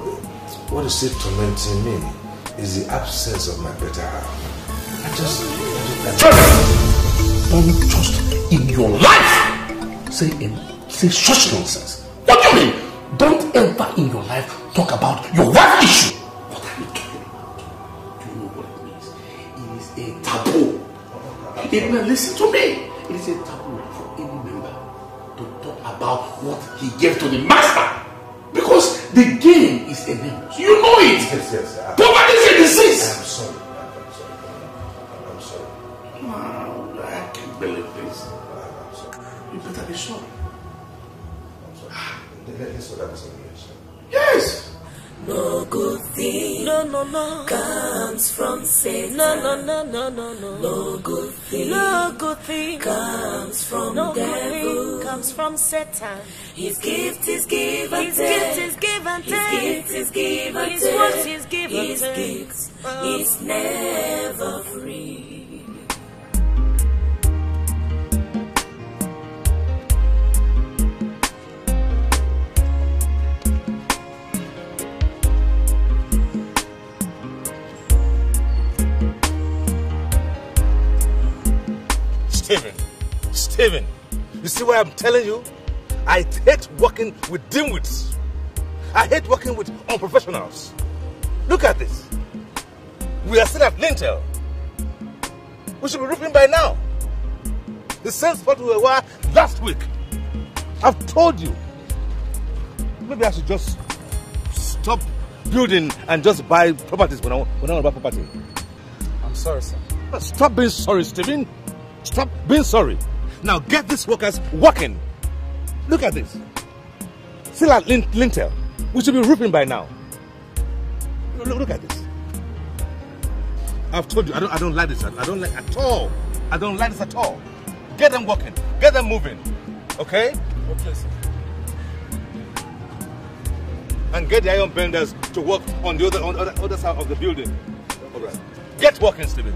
what is it tormenting me is the absence of my better half. I just. I just, I just Don't trust in your life! Say, in, say such nonsense. What do you mean? Don't ever in your life talk about your wife issue. taboo. Amen. Listen to me. It is a taboo for any member to talk about what he gave to the master. Because the game is a enormous. You know it. Yes, yes. I'm Poverty is a disease. I'm sorry. I'm sorry. I'm sorry. Wow, I can't believe this. I'm sorry. You better be sorry. I'm sorry. Let's sort that no, no, no. Comes from Satan. No, no, no, no, no, no. No good thing. No good thing. Comes from no devil. Good thing comes from Satan. His gift is given. His gift is given. His gift is given. His words is given. His gift oh. is never free. Steven, you see why I'm telling you? I hate working with dimwits. I hate working with unprofessionals. Look at this. We are still at Lintel. We should be roofing by now. The same spot we were last week. I've told you. Maybe I should just stop building and just buy properties when I, when I want to buy property. I'm sorry, sir. Stop being sorry, Stephen. Stop being sorry. Now get these workers working. Look at this. Still at lin lintel. We should be roofing by now. Look, look, at this. I've told you, I don't, I don't like this. I don't like at all. I don't like this at all. Get them working. Get them moving. Okay? Okay, sir. And get the iron benders to work on the other, on the other, other side of the building. All right. Get working, Stephen.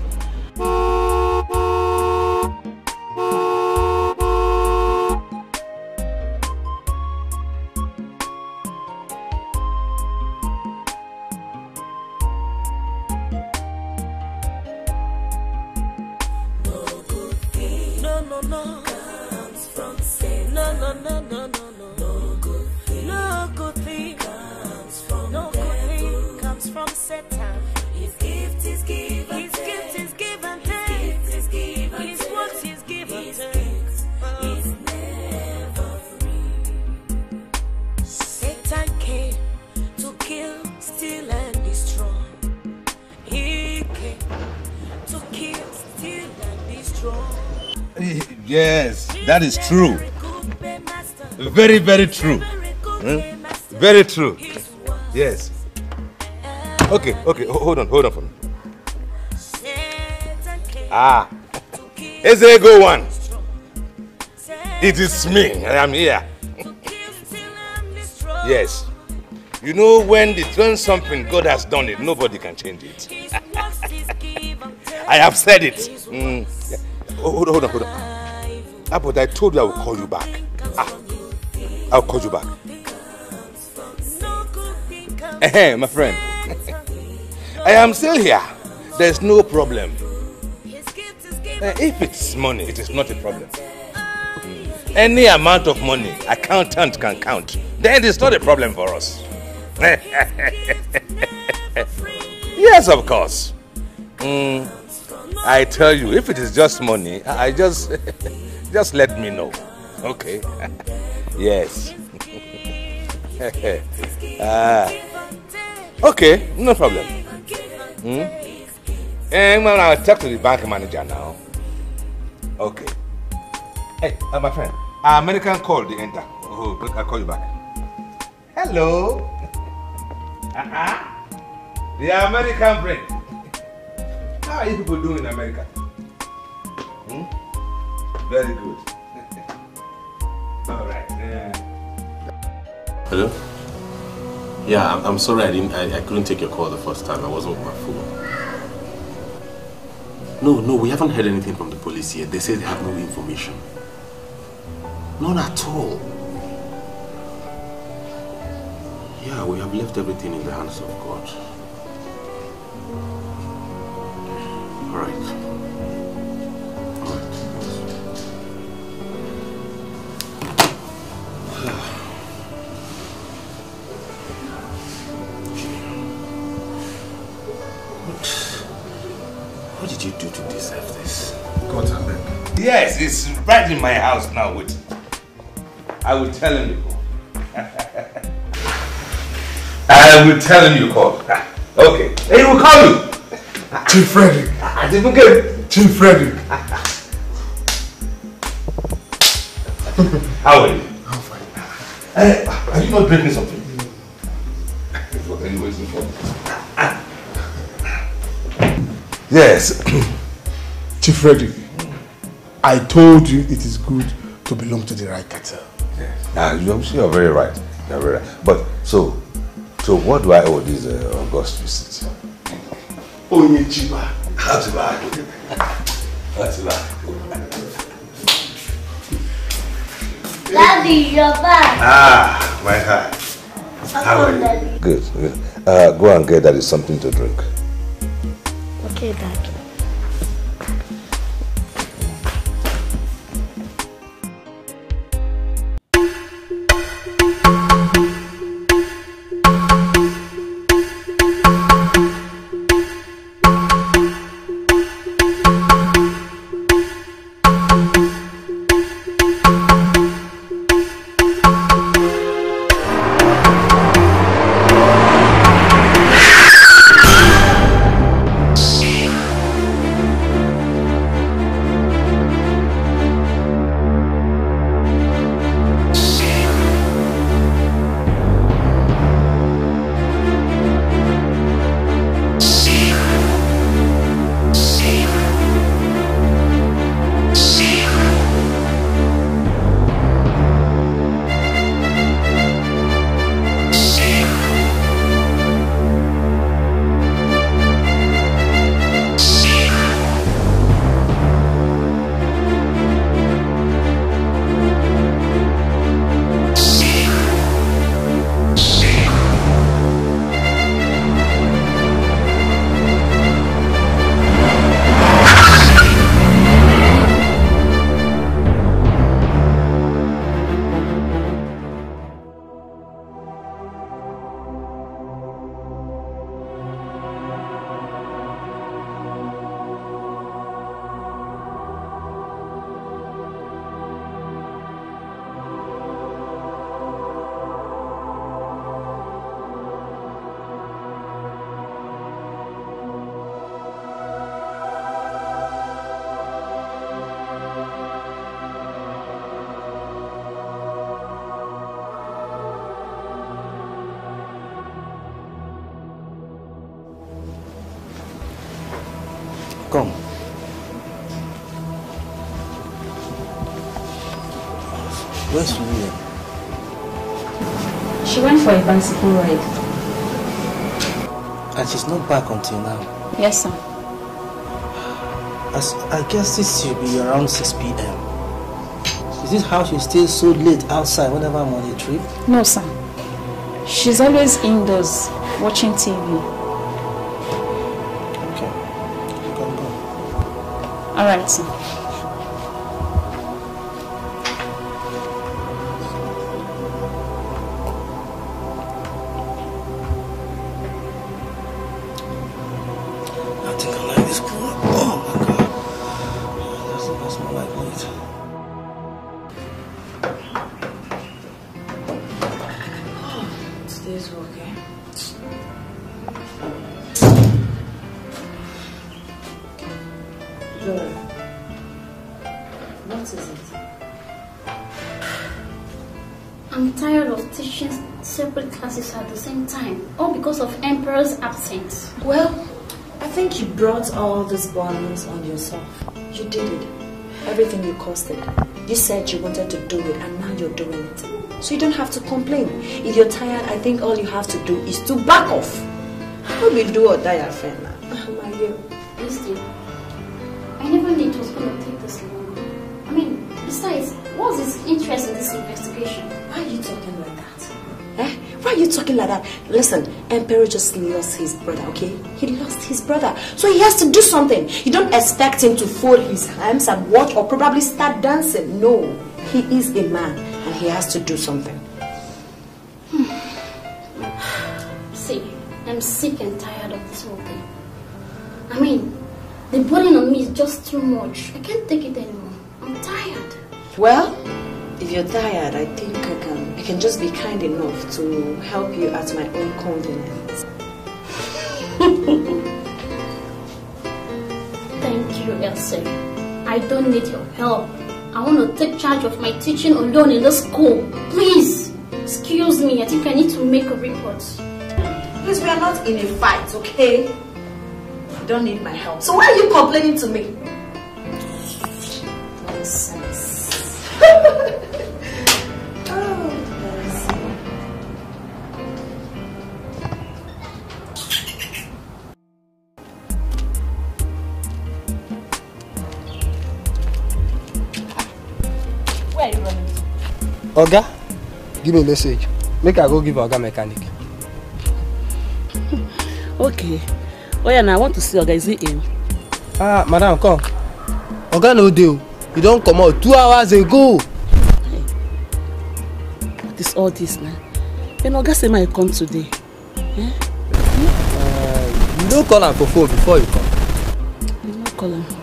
That is true. Very, very true. Hmm? Very true. Yes. Okay, okay, hold on, hold on for me. Ah. Here's a go one. It is me. I am here. yes. You know when the turn something, God has done it. Nobody can change it. I have said it. Mm. Yeah. Oh, hold on, hold on, hold on. Ah, but I told you I will call you back. Ah, I'll call you back. Hey, my friend. I am still here. There's no problem. Uh, if it's money, it is not a problem. Any amount of money, accountant can count. Then it's not a problem for us. yes, of course. Mm, I tell you, if it is just money, I just... Just let me know. Okay. yes. ah. Okay, no problem. Hmm? And when i talk to the bank manager now. Okay. Hey, uh, my friend, uh, American called. the enter. Oh, I'll call you back. Hello. Uh-huh. The American bread. How are you people doing in America? Very good. All right. Yeah. Hello? Yeah, I'm, I'm sorry I didn't I, I couldn't take your call the first time. I wasn't with my phone. No, no, we haven't heard anything from the police yet. They say they have no information. None at all. Yeah, we have left everything in the hands of God. All right. Yes, it's right in my house now. Wait. I will tell him you call. I will tell him you call. Okay. He will call you. Chief Frederick. I didn't get Chief Frederick. How are you? I'm fine. Uh, eh, are you not drinking something? Anyways, yes. Chief Frederick. I told you it is good to belong to the right cattle. Yes. Uh, sure you're very right. You're very right. But so, so what do I owe this uh, August visit? Onyechiba. Hatiba. Hatiba. Daddy, you're back. Ah, my heart. How are you? Good, good. Uh, go and get daddy something to drink. Okay, Daddy. bicycle ride. And she's not back until now? Yes, sir. As, I guess this should be around 6 p.m. Is this how she stays so late outside whenever I'm on a trip? No, sir. She's always indoors, watching TV. Okay. You can go. Alright, sir. brought all these burdens on yourself. You did it. Everything you caused it. You said you wanted to do it and now you're doing it. So you don't have to complain. If you're tired, I think all you have to do is to back off. How will do or die, friend? Uh, my dear. Misty, I never knew it was going to take this long. I mean, besides, what's his interest in this investment? you talking like that? Listen, Emperor just lost his brother, okay? He lost his brother. So he has to do something. You don't expect him to fold his hands and watch or probably start dancing. No. He is a man and he has to do something. Hmm. See, I'm sick and tired of this whole thing. I mean, the burden on me is just too much. I can't take it anymore. I'm tired. Well, if you're tired, I think I can just be kind enough to help you at my own convenience. Thank you, Elsie. I don't need your help. I want to take charge of my teaching alone in the school. Please, excuse me. I think I need to make a report. Please, we are not in a fight, okay? You don't need my help. So why are you complaining to me? oga give me a message make i go give oga mechanic okay oh yeah na i want to see oga is he in ah madam come oga no dey o he don comot two hours ago hey. what is all this now. when oga say my come today yeah? Uh, you don't call am for phone before you come you no call am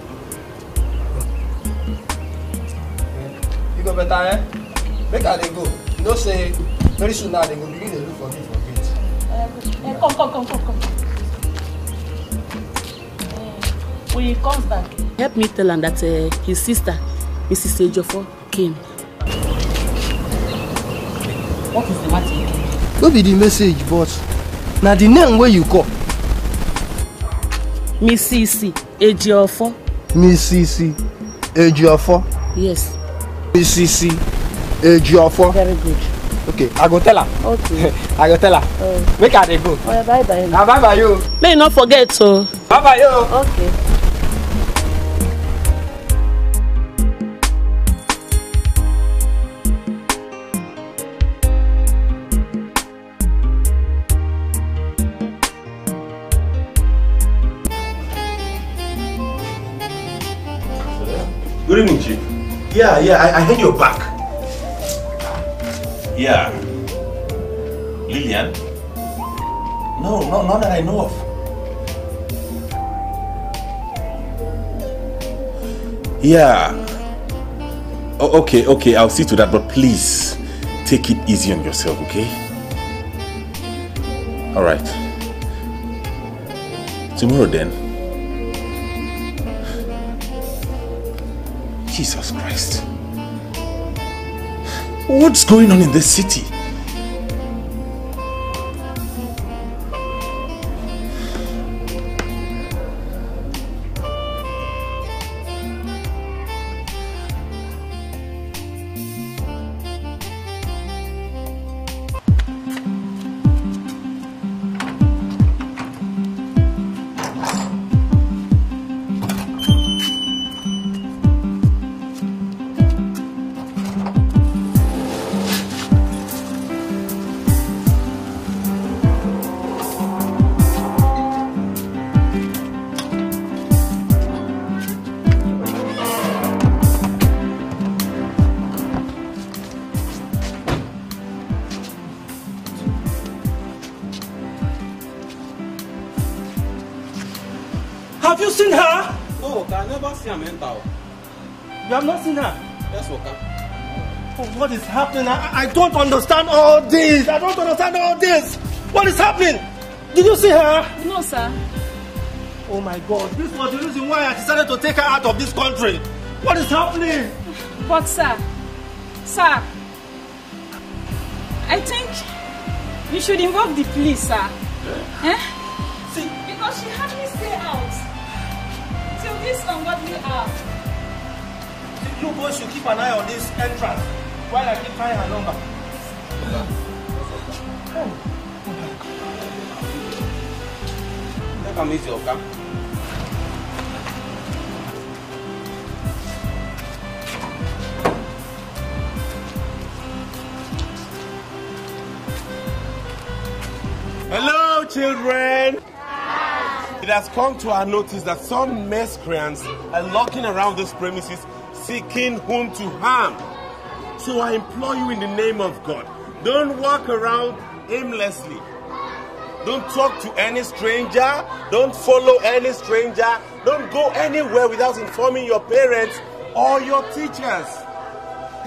make i dey go you know say very soon now they go begin dey look for me for gate. Uh, come come come come come. Eh, when he comes back. help me tell am that uh, his sister mrs ejofo came. what is the matter. no be the message but na the name wey you call. mrs ejofo. mrs ejofo. yes. mrs. Very good. Okay, I go tell her. Okay. I go tell her. Uh, Make her go. Well, bye bye. Na bye bye you. May not forget o. So. Bye bye you. Okay. Good evening, Chief. Yeah, yeah, I, I heard you're back. Yeah. Lillian? No, no, not that I know of. Yeah. okay, okay, I'll see to that, but please take it easy on yourself, okay? All right. Tomorrow then. Jesus Christ. What's going on in this city? Have you seen her? No, Oka, I never see her mental. You have not seen her? Yes, Oka. Oh, what is happening? I, I don't understand all this. I don't understand all this. What is happening? Did you see her? No, sir. Oh my God, this was the reason why I decided to take her out of this country. What is happening? But sir, sir, I think you should involve the police, sir. Yeah. Eh? See, because she had hardly what we You boys should keep an eye on this entrance while I keep trying her number. Take him easy, okay? Hello, children. It has come to our notice that some miscreants are lurking around these premises seeking whom to harm. So I implore you in the name of God, don't walk around aimlessly. Don't talk to any stranger. Don't follow any stranger. Don't go anywhere without informing your parents or your teachers.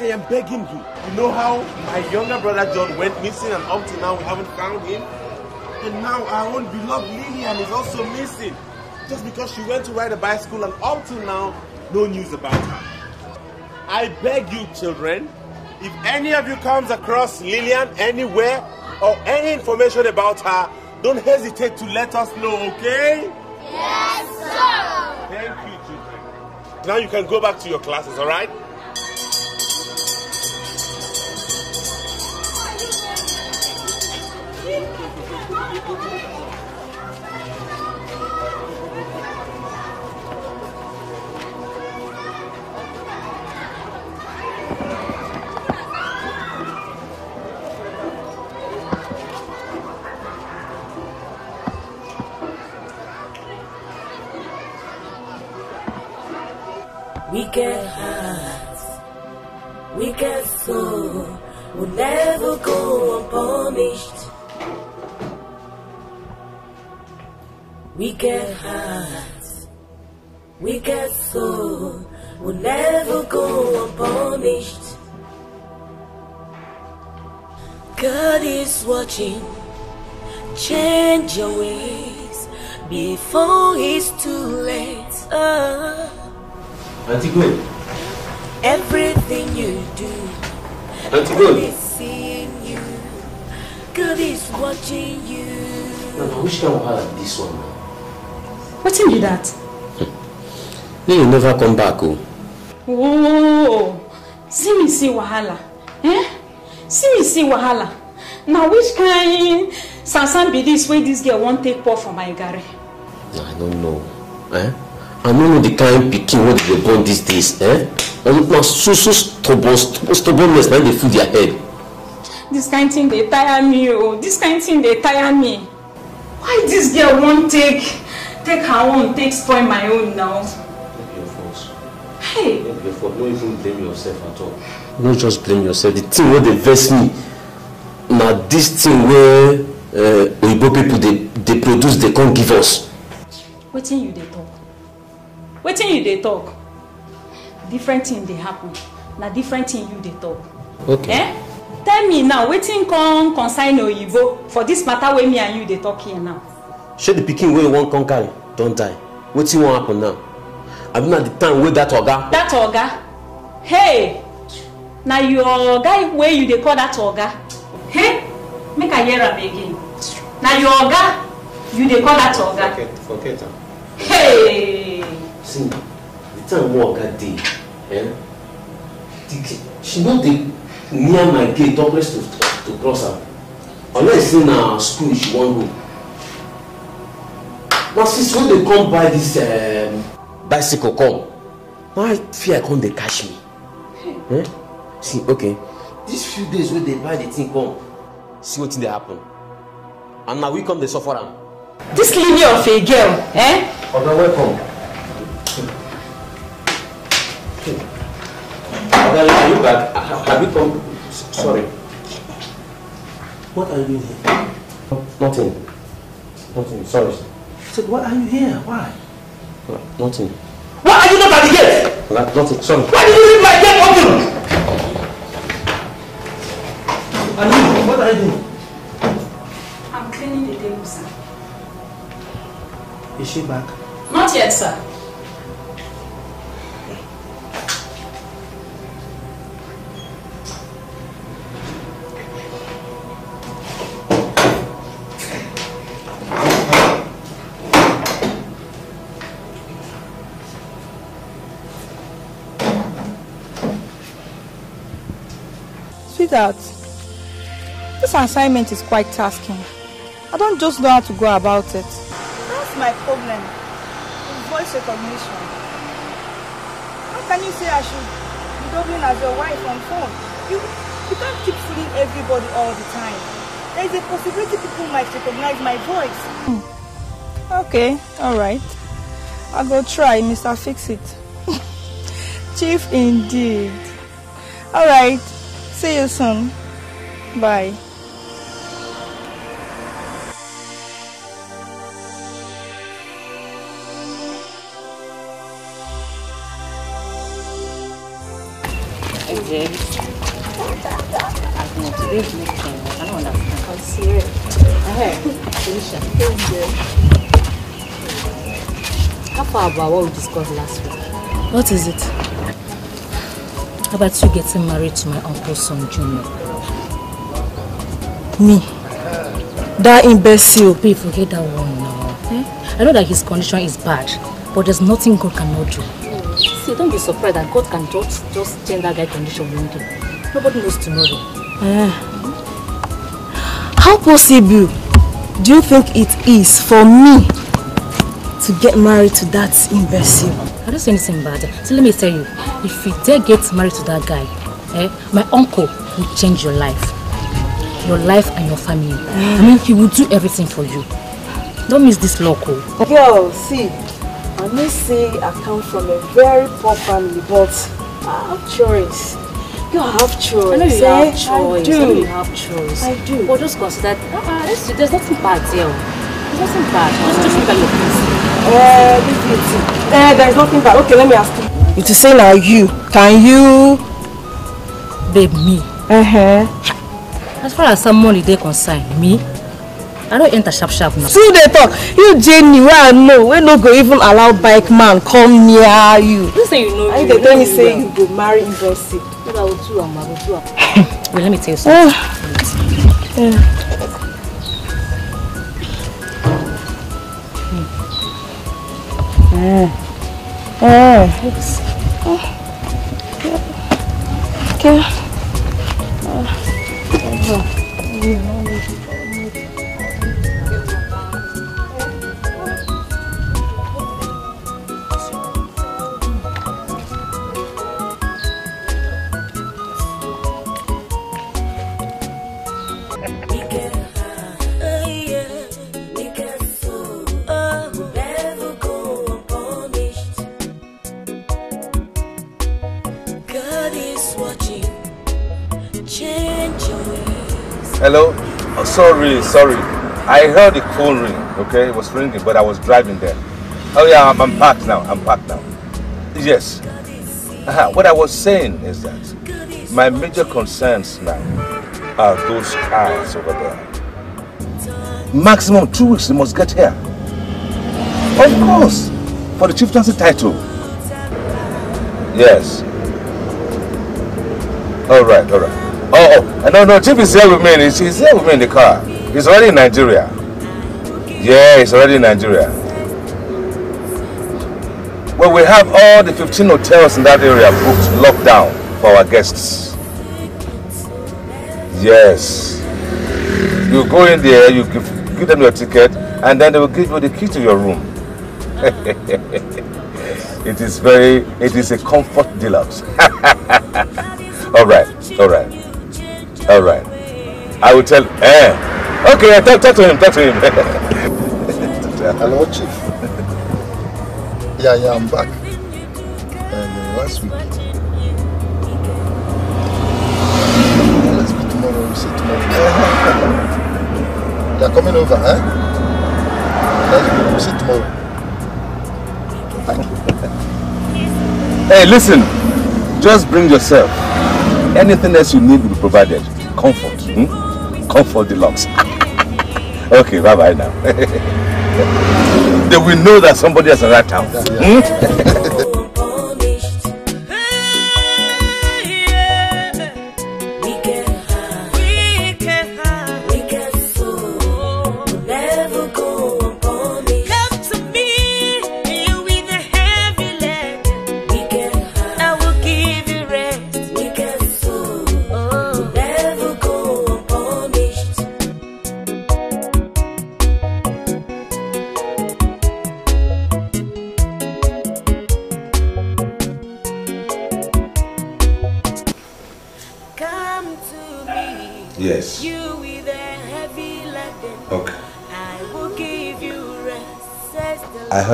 I am begging you. You know how my younger brother John went missing and up to now we haven't found him? And now our own beloved Lillian is also missing just because she went to ride a bicycle and up till now, no news about her. I beg you children, if any of you comes across Lillian anywhere or any information about her, don't hesitate to let us know, okay? Yes, sir. Thank you, children. Now you can go back to your classes, all right? will never go unpunished. We get hearts, we get soul, will never go unpunished. God is watching, change your ways before it's too late. Ah. Auntie Gwen. Everything you do That's good. God is watching you. No, no, which kind of heart this one? now. What did you do that? Then hmm. you never come back, oh. Oh, see me see wahala. Eh? See me see wahala. Now which kind sansan be this way this girl won't take pour for my garri? I don't know. Eh? I no know the kind pikin wey dey born these days eh? na so so stubborn stubbornness na dey full their head. This kind thing dey tire me oo this kind thing dey tire me why this girl wan take take her own take spoil my own now. Hey. No, your fault. even blame yourself at all. No just blame yourself. The thing wey dey vex me na this thing wey uh, Oyibo people dey dey produce dey come give us. Wetin you dey talk? wetin you dey talk different thing dey happen na different thing you dey talk. okay eh? tell me now wetin come concern oyibo for this matter wey me and you dey talk here now. shey the pikin wey you wan come carry don die wetin wan happen now abi na the time wey that oga. that oga hey na your oga wey you dey call that oga hey make i hear am again na your oga you dey call that oga. forget forget am. hey. 14, the time worker dey. Eh? The, she no dey near my gate topless to, to cross am. Unless say na school she wan go. But since when they come buy this um, bicycle come, why fear come dey catch me. Hmm. Eh? See, okay, these few days wey dey buy the thing come, see wetin dey happen. And na we come dey suffer am. This linear of a girl, eh? Oga, welcome. Hey. are you back? Have you come? Sorry. What are you doing here? Nothing. Nothing. Sorry. I said, why are you here? Why? nothing. Why are you not at the gate? No, nothing. Sorry. Why did you leave my gate open? And you, what are you doing? I'm cleaning the table, sir. Is she back? Not yet, sir. that this assignment is quite tasking. I don't just know how to go about it. That's my problem. voice recognition. How can you say I should be doubling as your wife on phone? You, you can't keep fooling everybody all the time. There is a possibility people might recognize my voice. Hmm. Okay, alright. I'll go try, Mr. Fix It. Chief indeed. Alright, See you soon. Bye. How far about what we discussed last week? What is it? about you getting married to my uncle's son Junior. Me. That imbecile. Babe, forget that one now. Eh? I know that his condition is bad, but there's nothing God cannot do. See, don't be surprised that God can just, just change that guy's condition one day. Nobody knows tomorrow. Eh. How possible do you think it is for me to get married to that imbecile. I don't say anything bad. So let me tell you, if you dare get married to that guy, eh, my uncle will change your life. Your life and your family. Mm. I mean, he will do everything for you. Don't miss this local. Oh. Girl, see, I may say I come from a very poor family, but I have choice. You have choice. I know you say, eh? have choice. I do. I know you have choice. I do. But just consider, uh -uh, there's nothing bad here. Oh. There's nothing bad. Just, just look at your face. Uh, nothing bad. Okay, let me ask you. It is saying now you. Can you... Babe, me. Uh-huh. As far as some money they concern me, I don't enter sharp sharp now. See they talk. You Jenny, where no? we no go even allow bike man come near you. Who say you know. I they tell me say you go marry Ibosi. Well, let me tell you something. Yeah. Kí ló? Kí ló? Hello? Oh, sorry, sorry. I heard the call ring, okay? It was ringing, but I was driving there. Oh yeah, I'm, I'm packed now, I'm packed now. Yes. Uh -huh. What I was saying is that my major concerns now are those cars over there. Maximum two weeks, we must get here. Of course, for the chieftaincy title. Yes. All right, all right. Oh, oh, no, no, Chief is here with me. He's, he's here with me in the car. He's already in Nigeria. Yeah, he's already in Nigeria. Well, we have all the 15 hotels in that area booked, locked down for our guests. Yes. You go in there, you give, give them your ticket, and then they will give you the key to your room. it is very, it is a comfort deluxe. all right, all right. All right. I will tell. Eh. Okay, talk, talk to him. Talk to him. Hello, Chief. Yeah, yeah, I'm back. Um, last week. Let's be tomorrow. We see tomorrow. They're coming over, eh? Let's be. We'll see tomorrow. Thank you. hey, listen. Just bring yourself. Anything else you need will be provided. Comfort. Hmm? Comfort deluxe. okay, bye-bye now. they will know that somebody has arrived town. Yeah, yeah. Hmm?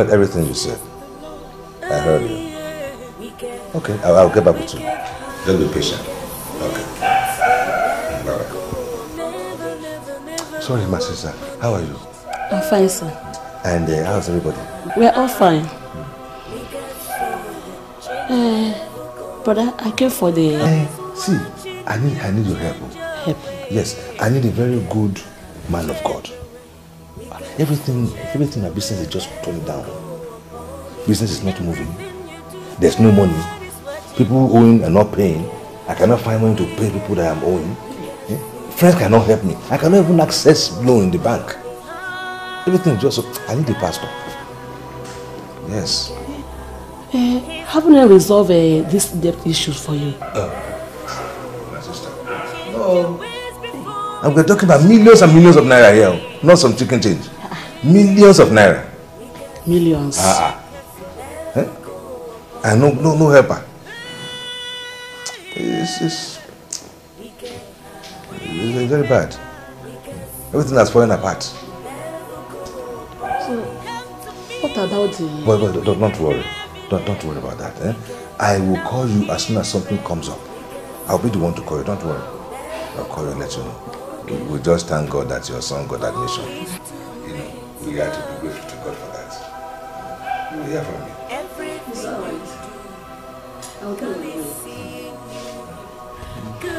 heard everything you said. I heard you. Okay, I'll, I'll get back with you. Just be patient. Okay. Bye-bye. Sorry, my sister. How are you? I'm fine, sir. And uh, how's everybody? We're all fine. Hmm. Uh, brother, I came for the... Uh, see, I need, I need your help. Help? Yes, I need a very good man of God. Everything, everything my business is just turning down. Business is not moving. There's no money. People owing are not paying. I cannot find money to pay people that I'm owing. Yeah? Friends cannot help me. I cannot even access loan in the bank. Everything is just, I need a pastor. Yes. Uh, can not I resolve uh, this debt issue for you? Uh, my sister. No. i we're talking about millions and millions of naira here, not some chicken change millions of naira. Millions. Ah, ah. Eh? And ah, no, no, no helper. Ah. It's, it's, very bad. Everything has fallen apart. So, what about the... Well, well don't, don't worry. Don't, don't worry about that. Eh? I will call you as soon as something comes up. I'll be the one to call you. Don't worry. I'll call you and let you know. We'll just thank God that your son got admission. We are to be grateful to God for that. You will hear from me. Everything you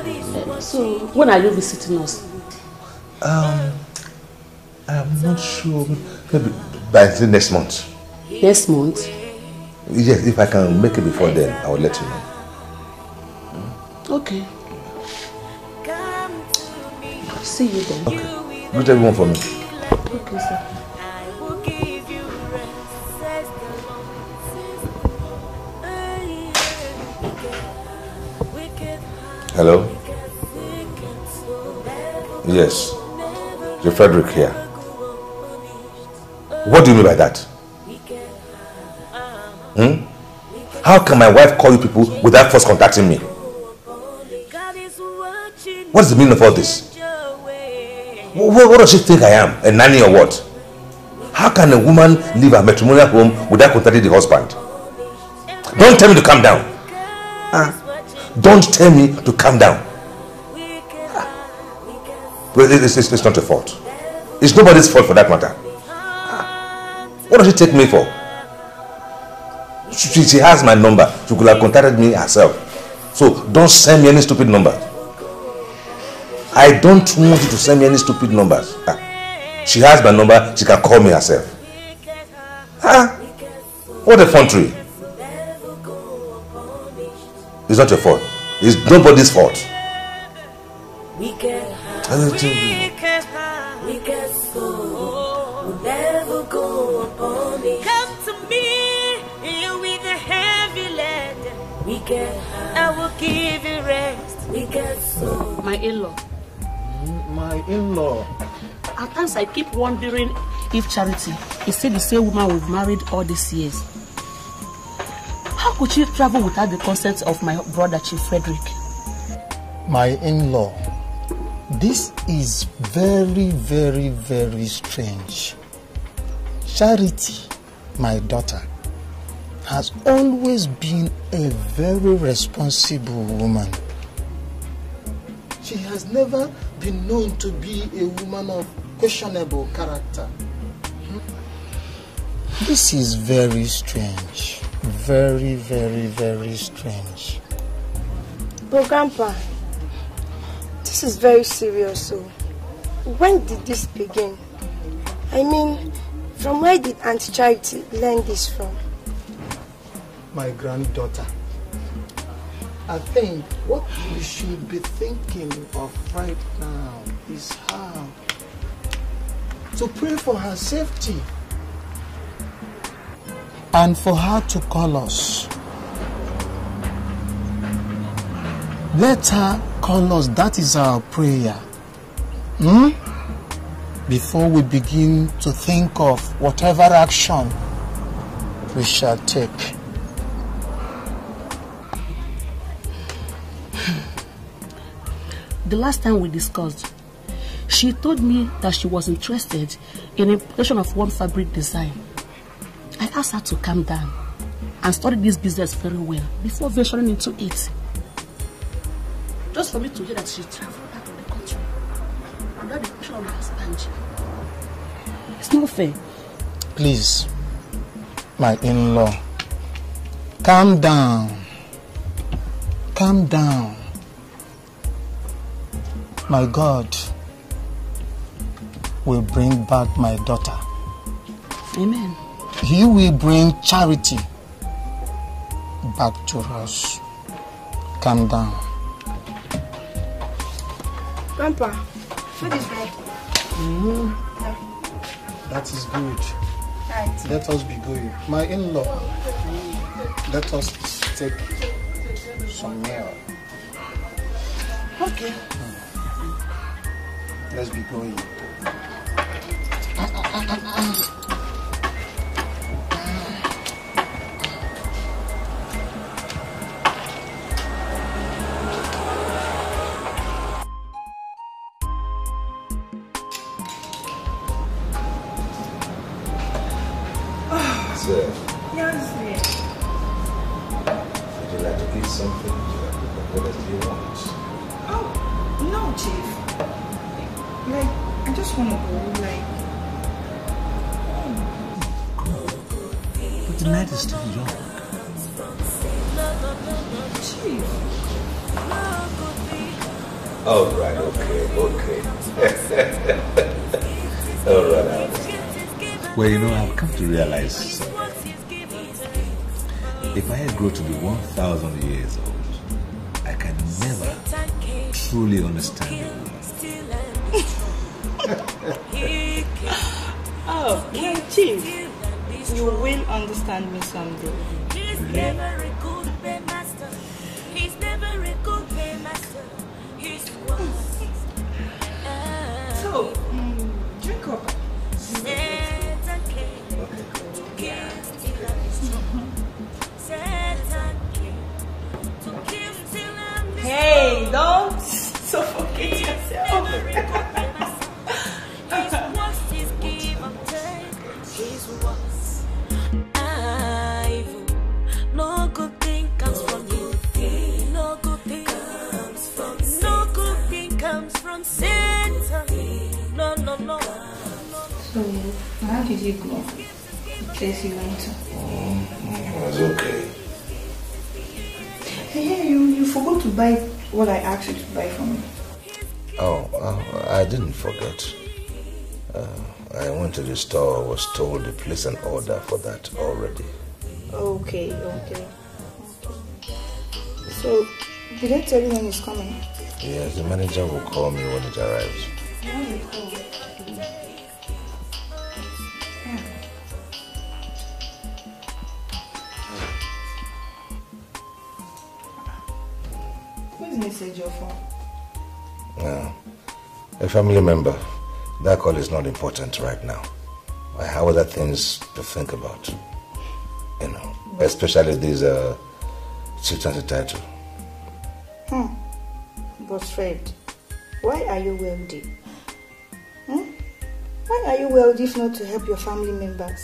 do. So, when are you visiting us? Um, I'm not sure. Maybe by next month. Next month? Yes, if I can make it before then, I will let you know. Okay. See you then. Okay. Good everyone for me. Okay, sir. Hello? Yes. J. Frederick here. What do you mean by that? Hmm? How can my wife call you people without first contacting me? What is the meaning of all this? What, what does she think I am? A nanny or what? How can a woman leave her matrimonial home without contacting the husband? Don't tell me to calm down. Ah. Don't tell me to calm down. Ah. Well, it's, it's, it's not your fault. It's nobody's fault for that matter. Ah. What does she take me for? She, she has my number. She could have contacted me herself. So don't send me any stupid number. I don't want you to send me any stupid numbers. Ah. She has my number. She can call me herself. Ah. What a fun tree. It's not your fault. It's nobody's fault. We can we can we can We'll never go upon Come to me, with a heavy We can I will give you rest. We can My in-law. Mm, my in-law. At times I keep wondering if Charity is still the same woman we've married all these years. How could she travel without the consent of my brother, Chief Frederick? My in-law, this is very, very, very strange. Charity, my daughter, has always been a very responsible woman. She has never been known to be a woman of questionable character. Hmm? This is very strange very, very, very strange. But Grandpa, this is very serious. So, when did this begin? I mean, from where did Aunt Charity learn this from? My granddaughter. I think what we should be thinking of right now is how to pray for her safety and for her to call us. Let her call us. That is our prayer. Hmm? Before we begin to think of whatever action we shall take. The last time we discussed, she told me that she was interested in a portion of one fabric design I asked her to calm down and study this business very well before venturing into it. Just for me to hear that she traveled out of the country without the pressure of my husband. It's not fair. Please, my in-law, calm down. Calm down. My God will bring back my daughter. Amen. He will bring charity back to us. Calm down. Grandpa, food is ready. Mm. Mm-hmm. That is good. Right. Let us be going. My in-law, let us take some meal. Okay. Hmm. Let's be going. If I had grown to be 1,000 years old, I can never truly understand oh, well, Chief, you will understand me someday. place an order for that already. Okay, okay. So, did I tell you when he's coming? Yes, the manager will call me when it arrives. Who's message your phone? A family member. That call is not important right now other things to think about, you know, especially these uh, children's title. Hmm. But Fred, why are you wealthy? Hmm? Why are you wealthy if not to help your family members?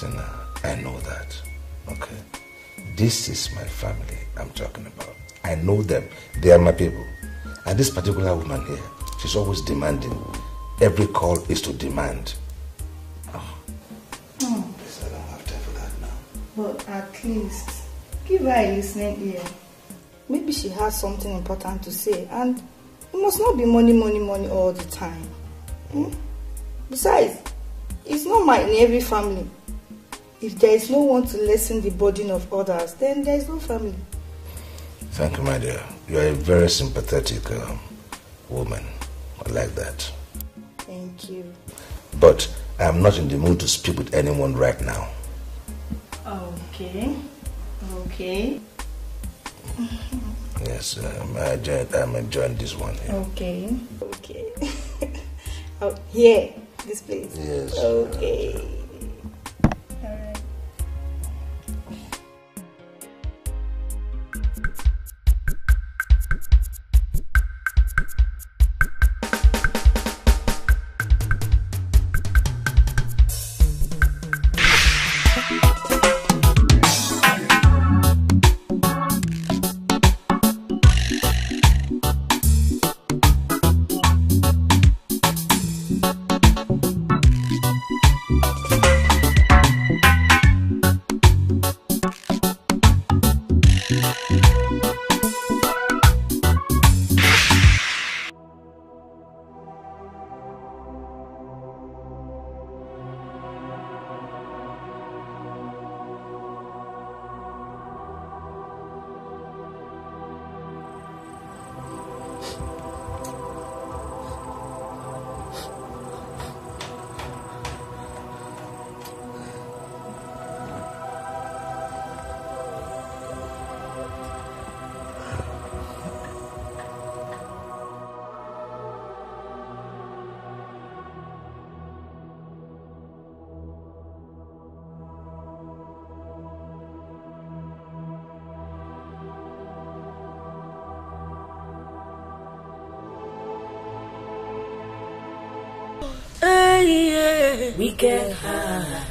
Tina, I know that, okay? This is my family I'm talking about. I know them. They are my people. And this particular woman here, She's always demanding. Every call is to demand. Oh. Hmm. I don't have time for that now. But at least give her a listening ear. Maybe she has something important to say and it must not be money, money, money all the time. Hmm? Besides, it's not my in every family. If there is no one to lessen the burden of others, then there is no family. Thank you, my dear. You are a very sympathetic um, woman. I like that. Thank you. But I'm not in the mood to speak with anyone right now. Okay. Okay. yes, um, I enjoyed, I'm enjoying this one Okay. Okay. oh, here, this place. Yes. Okay.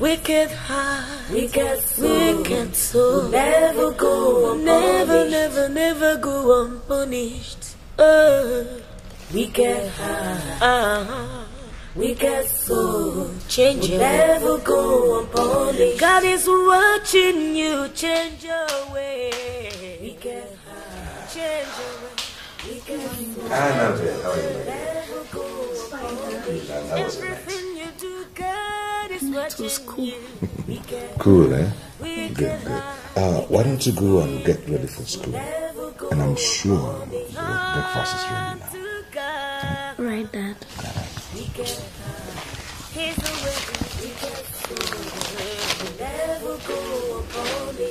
We heart, wicked we get so, so. never go unpunished. Never, never, never go unpunished. Oh. Uh. We get uh-huh. we get so. Change we never go unpunished. God is watching you change your way. We get high, change your way. Annabelle, how are you? Everything it cool. cool, eh? Good, good. Uh, why don't you go and get ready for school? And I'm sure your breakfast is ready now. Hmm? Right, Dad.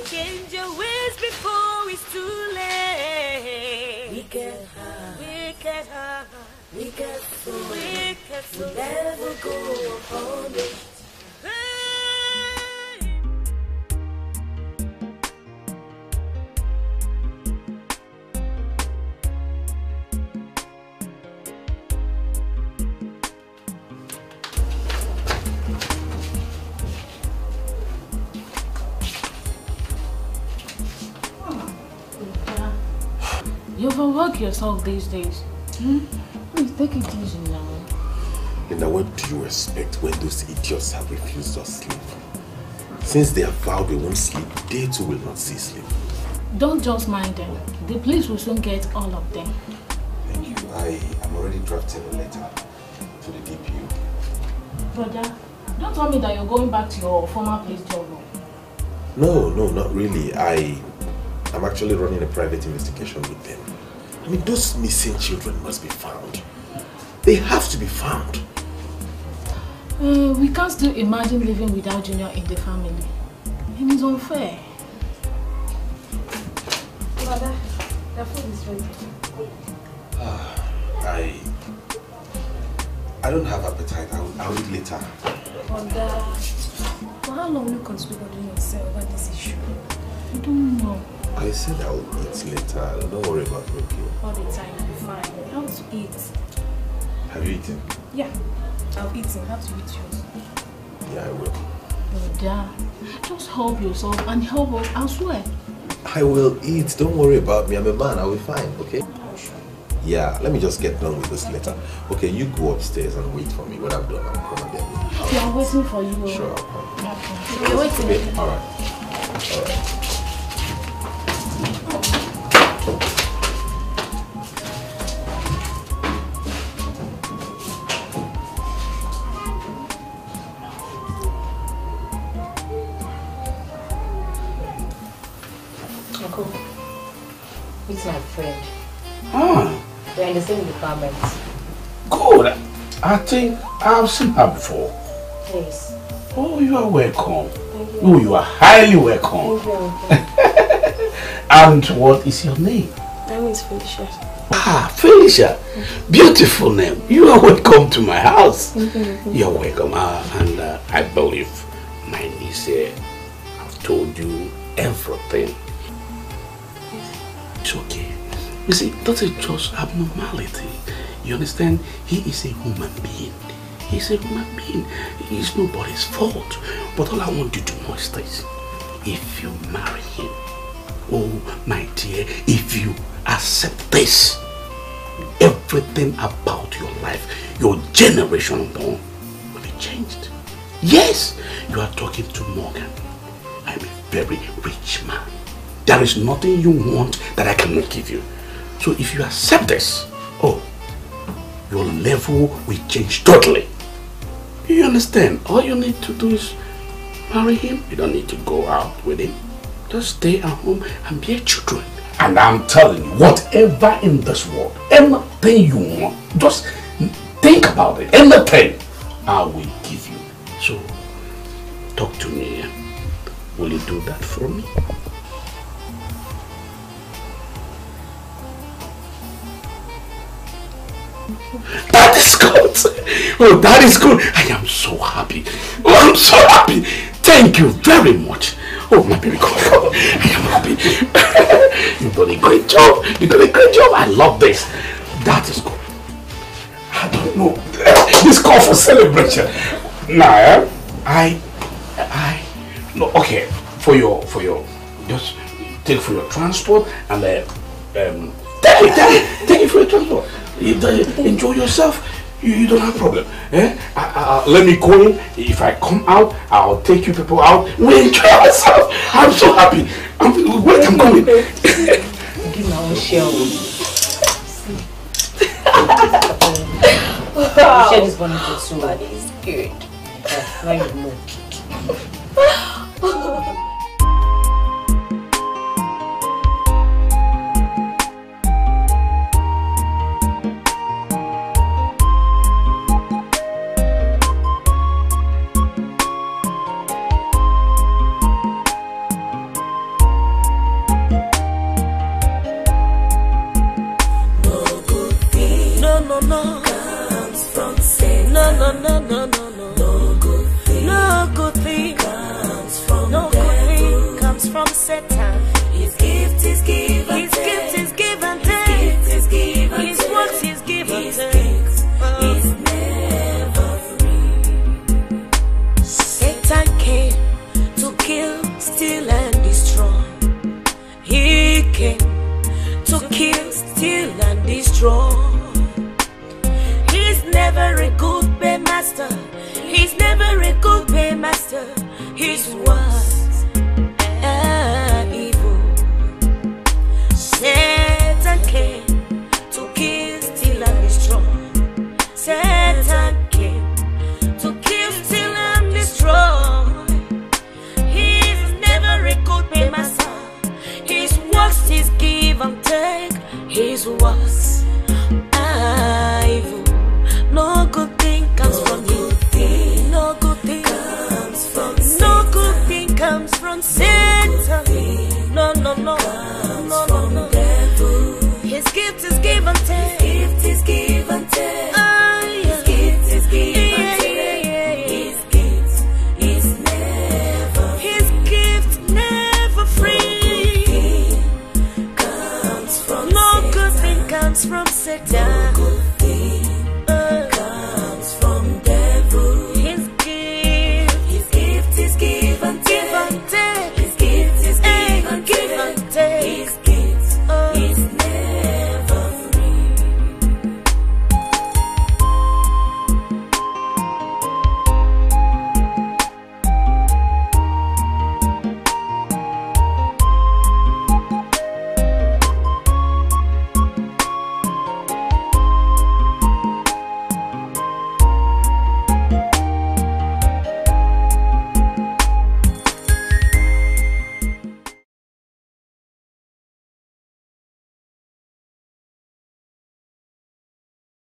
Change your ways before it's too late. We get high. We get high. We get so. We get so. Never go upon it. You overwork yourself these days. Hmm? Please take it easy now. Linda, what do you expect when those idiots have refused us sleep? Since they have vowed they won't sleep, they too will not see sleep. Don't just mind them. The police will soon get all of them. Thank you. I am already drafting a letter to the DPU. Brother, don't tell me that you're going back to your former place job. No, no, not really. I am actually running a private investigation with them. I mean, those missing children must be found. They have to be found. Uh, we can't still imagine living without Junior in the family. It is unfair. Mother, the food is ready. Uh, I... I don't have appetite. I'll, I'll eat later. Mother, for how long you consider yourself about this issue? I don't know. I said I will eat later. Don't worry about me, okay? All the time. Fine. How to eat? Have you eaten? Yeah. i eat. eaten. have to eat yours? Yeah, I will. Brother, just help yourself and help us elsewhere. I will eat. Don't worry about me. I'm a man. I'll be fine, okay? Oh, yeah, let me just get done with this letter. Okay, you go upstairs and wait for me. When I'm done, I'll come Okay, i are waiting for you. Sure, I'll come. Okay. are waiting. All right. All right. the same department. Good. I think I've seen her before. Yes. Oh, you are welcome. Thank you. Oh, you are highly welcome. Thank you. and what is your name? My name is Felicia. Ah, Felicia. Beautiful name. You are welcome to my house. You're welcome. Uh, and uh, I believe my niece uh, I've told you everything. It's okay. You see, that is just abnormality. You understand? He is a human being. He's a human being. It's nobody's fault. But all I want you to know is this. If you marry him, oh my dear, if you accept this, everything about your life, your generation born, will be changed. Yes, you are talking to Morgan. I'm a very rich man. There is nothing you want that I cannot give you. So if you accept this, oh, your level will change totally. You understand? All you need to do is marry him. You don't need to go out with him. Just stay at home and be a children. And I'm telling you, whatever in this world, anything you want, just think about it. Anything, I will give you. So, talk to me. Will you do that for me? That is good. Oh, that is good. I am so happy. Oh, I'm so happy. Thank you very much. Oh, my baby girl. I am happy. You've done a great job. You've done a great job. I love this. That is good. I don't know. This call for celebration. Nah, eh? I, I, no, okay. For your, for your, just take for your transport and uh, um, take it, take it, take it for your transport enjoy yourself, you, you don't have a problem. Eh? I, I, let me go in. If I come out, I'll take you people out. We enjoy ourselves. I'm so happy. I'm, wait, I'm coming. Give my own share. wow. Share this one with you good. now you know. control. He's never a good paymaster. He's never a good paymaster. His words are evil. Satan came to kill, steal, and destroy. Satan came to kill, steal, and destroy. He's never a good paymaster. His works is give and take. His works. No good thing comes from you. no good thing comes from No good thing comes from Satan. no, no. no, no.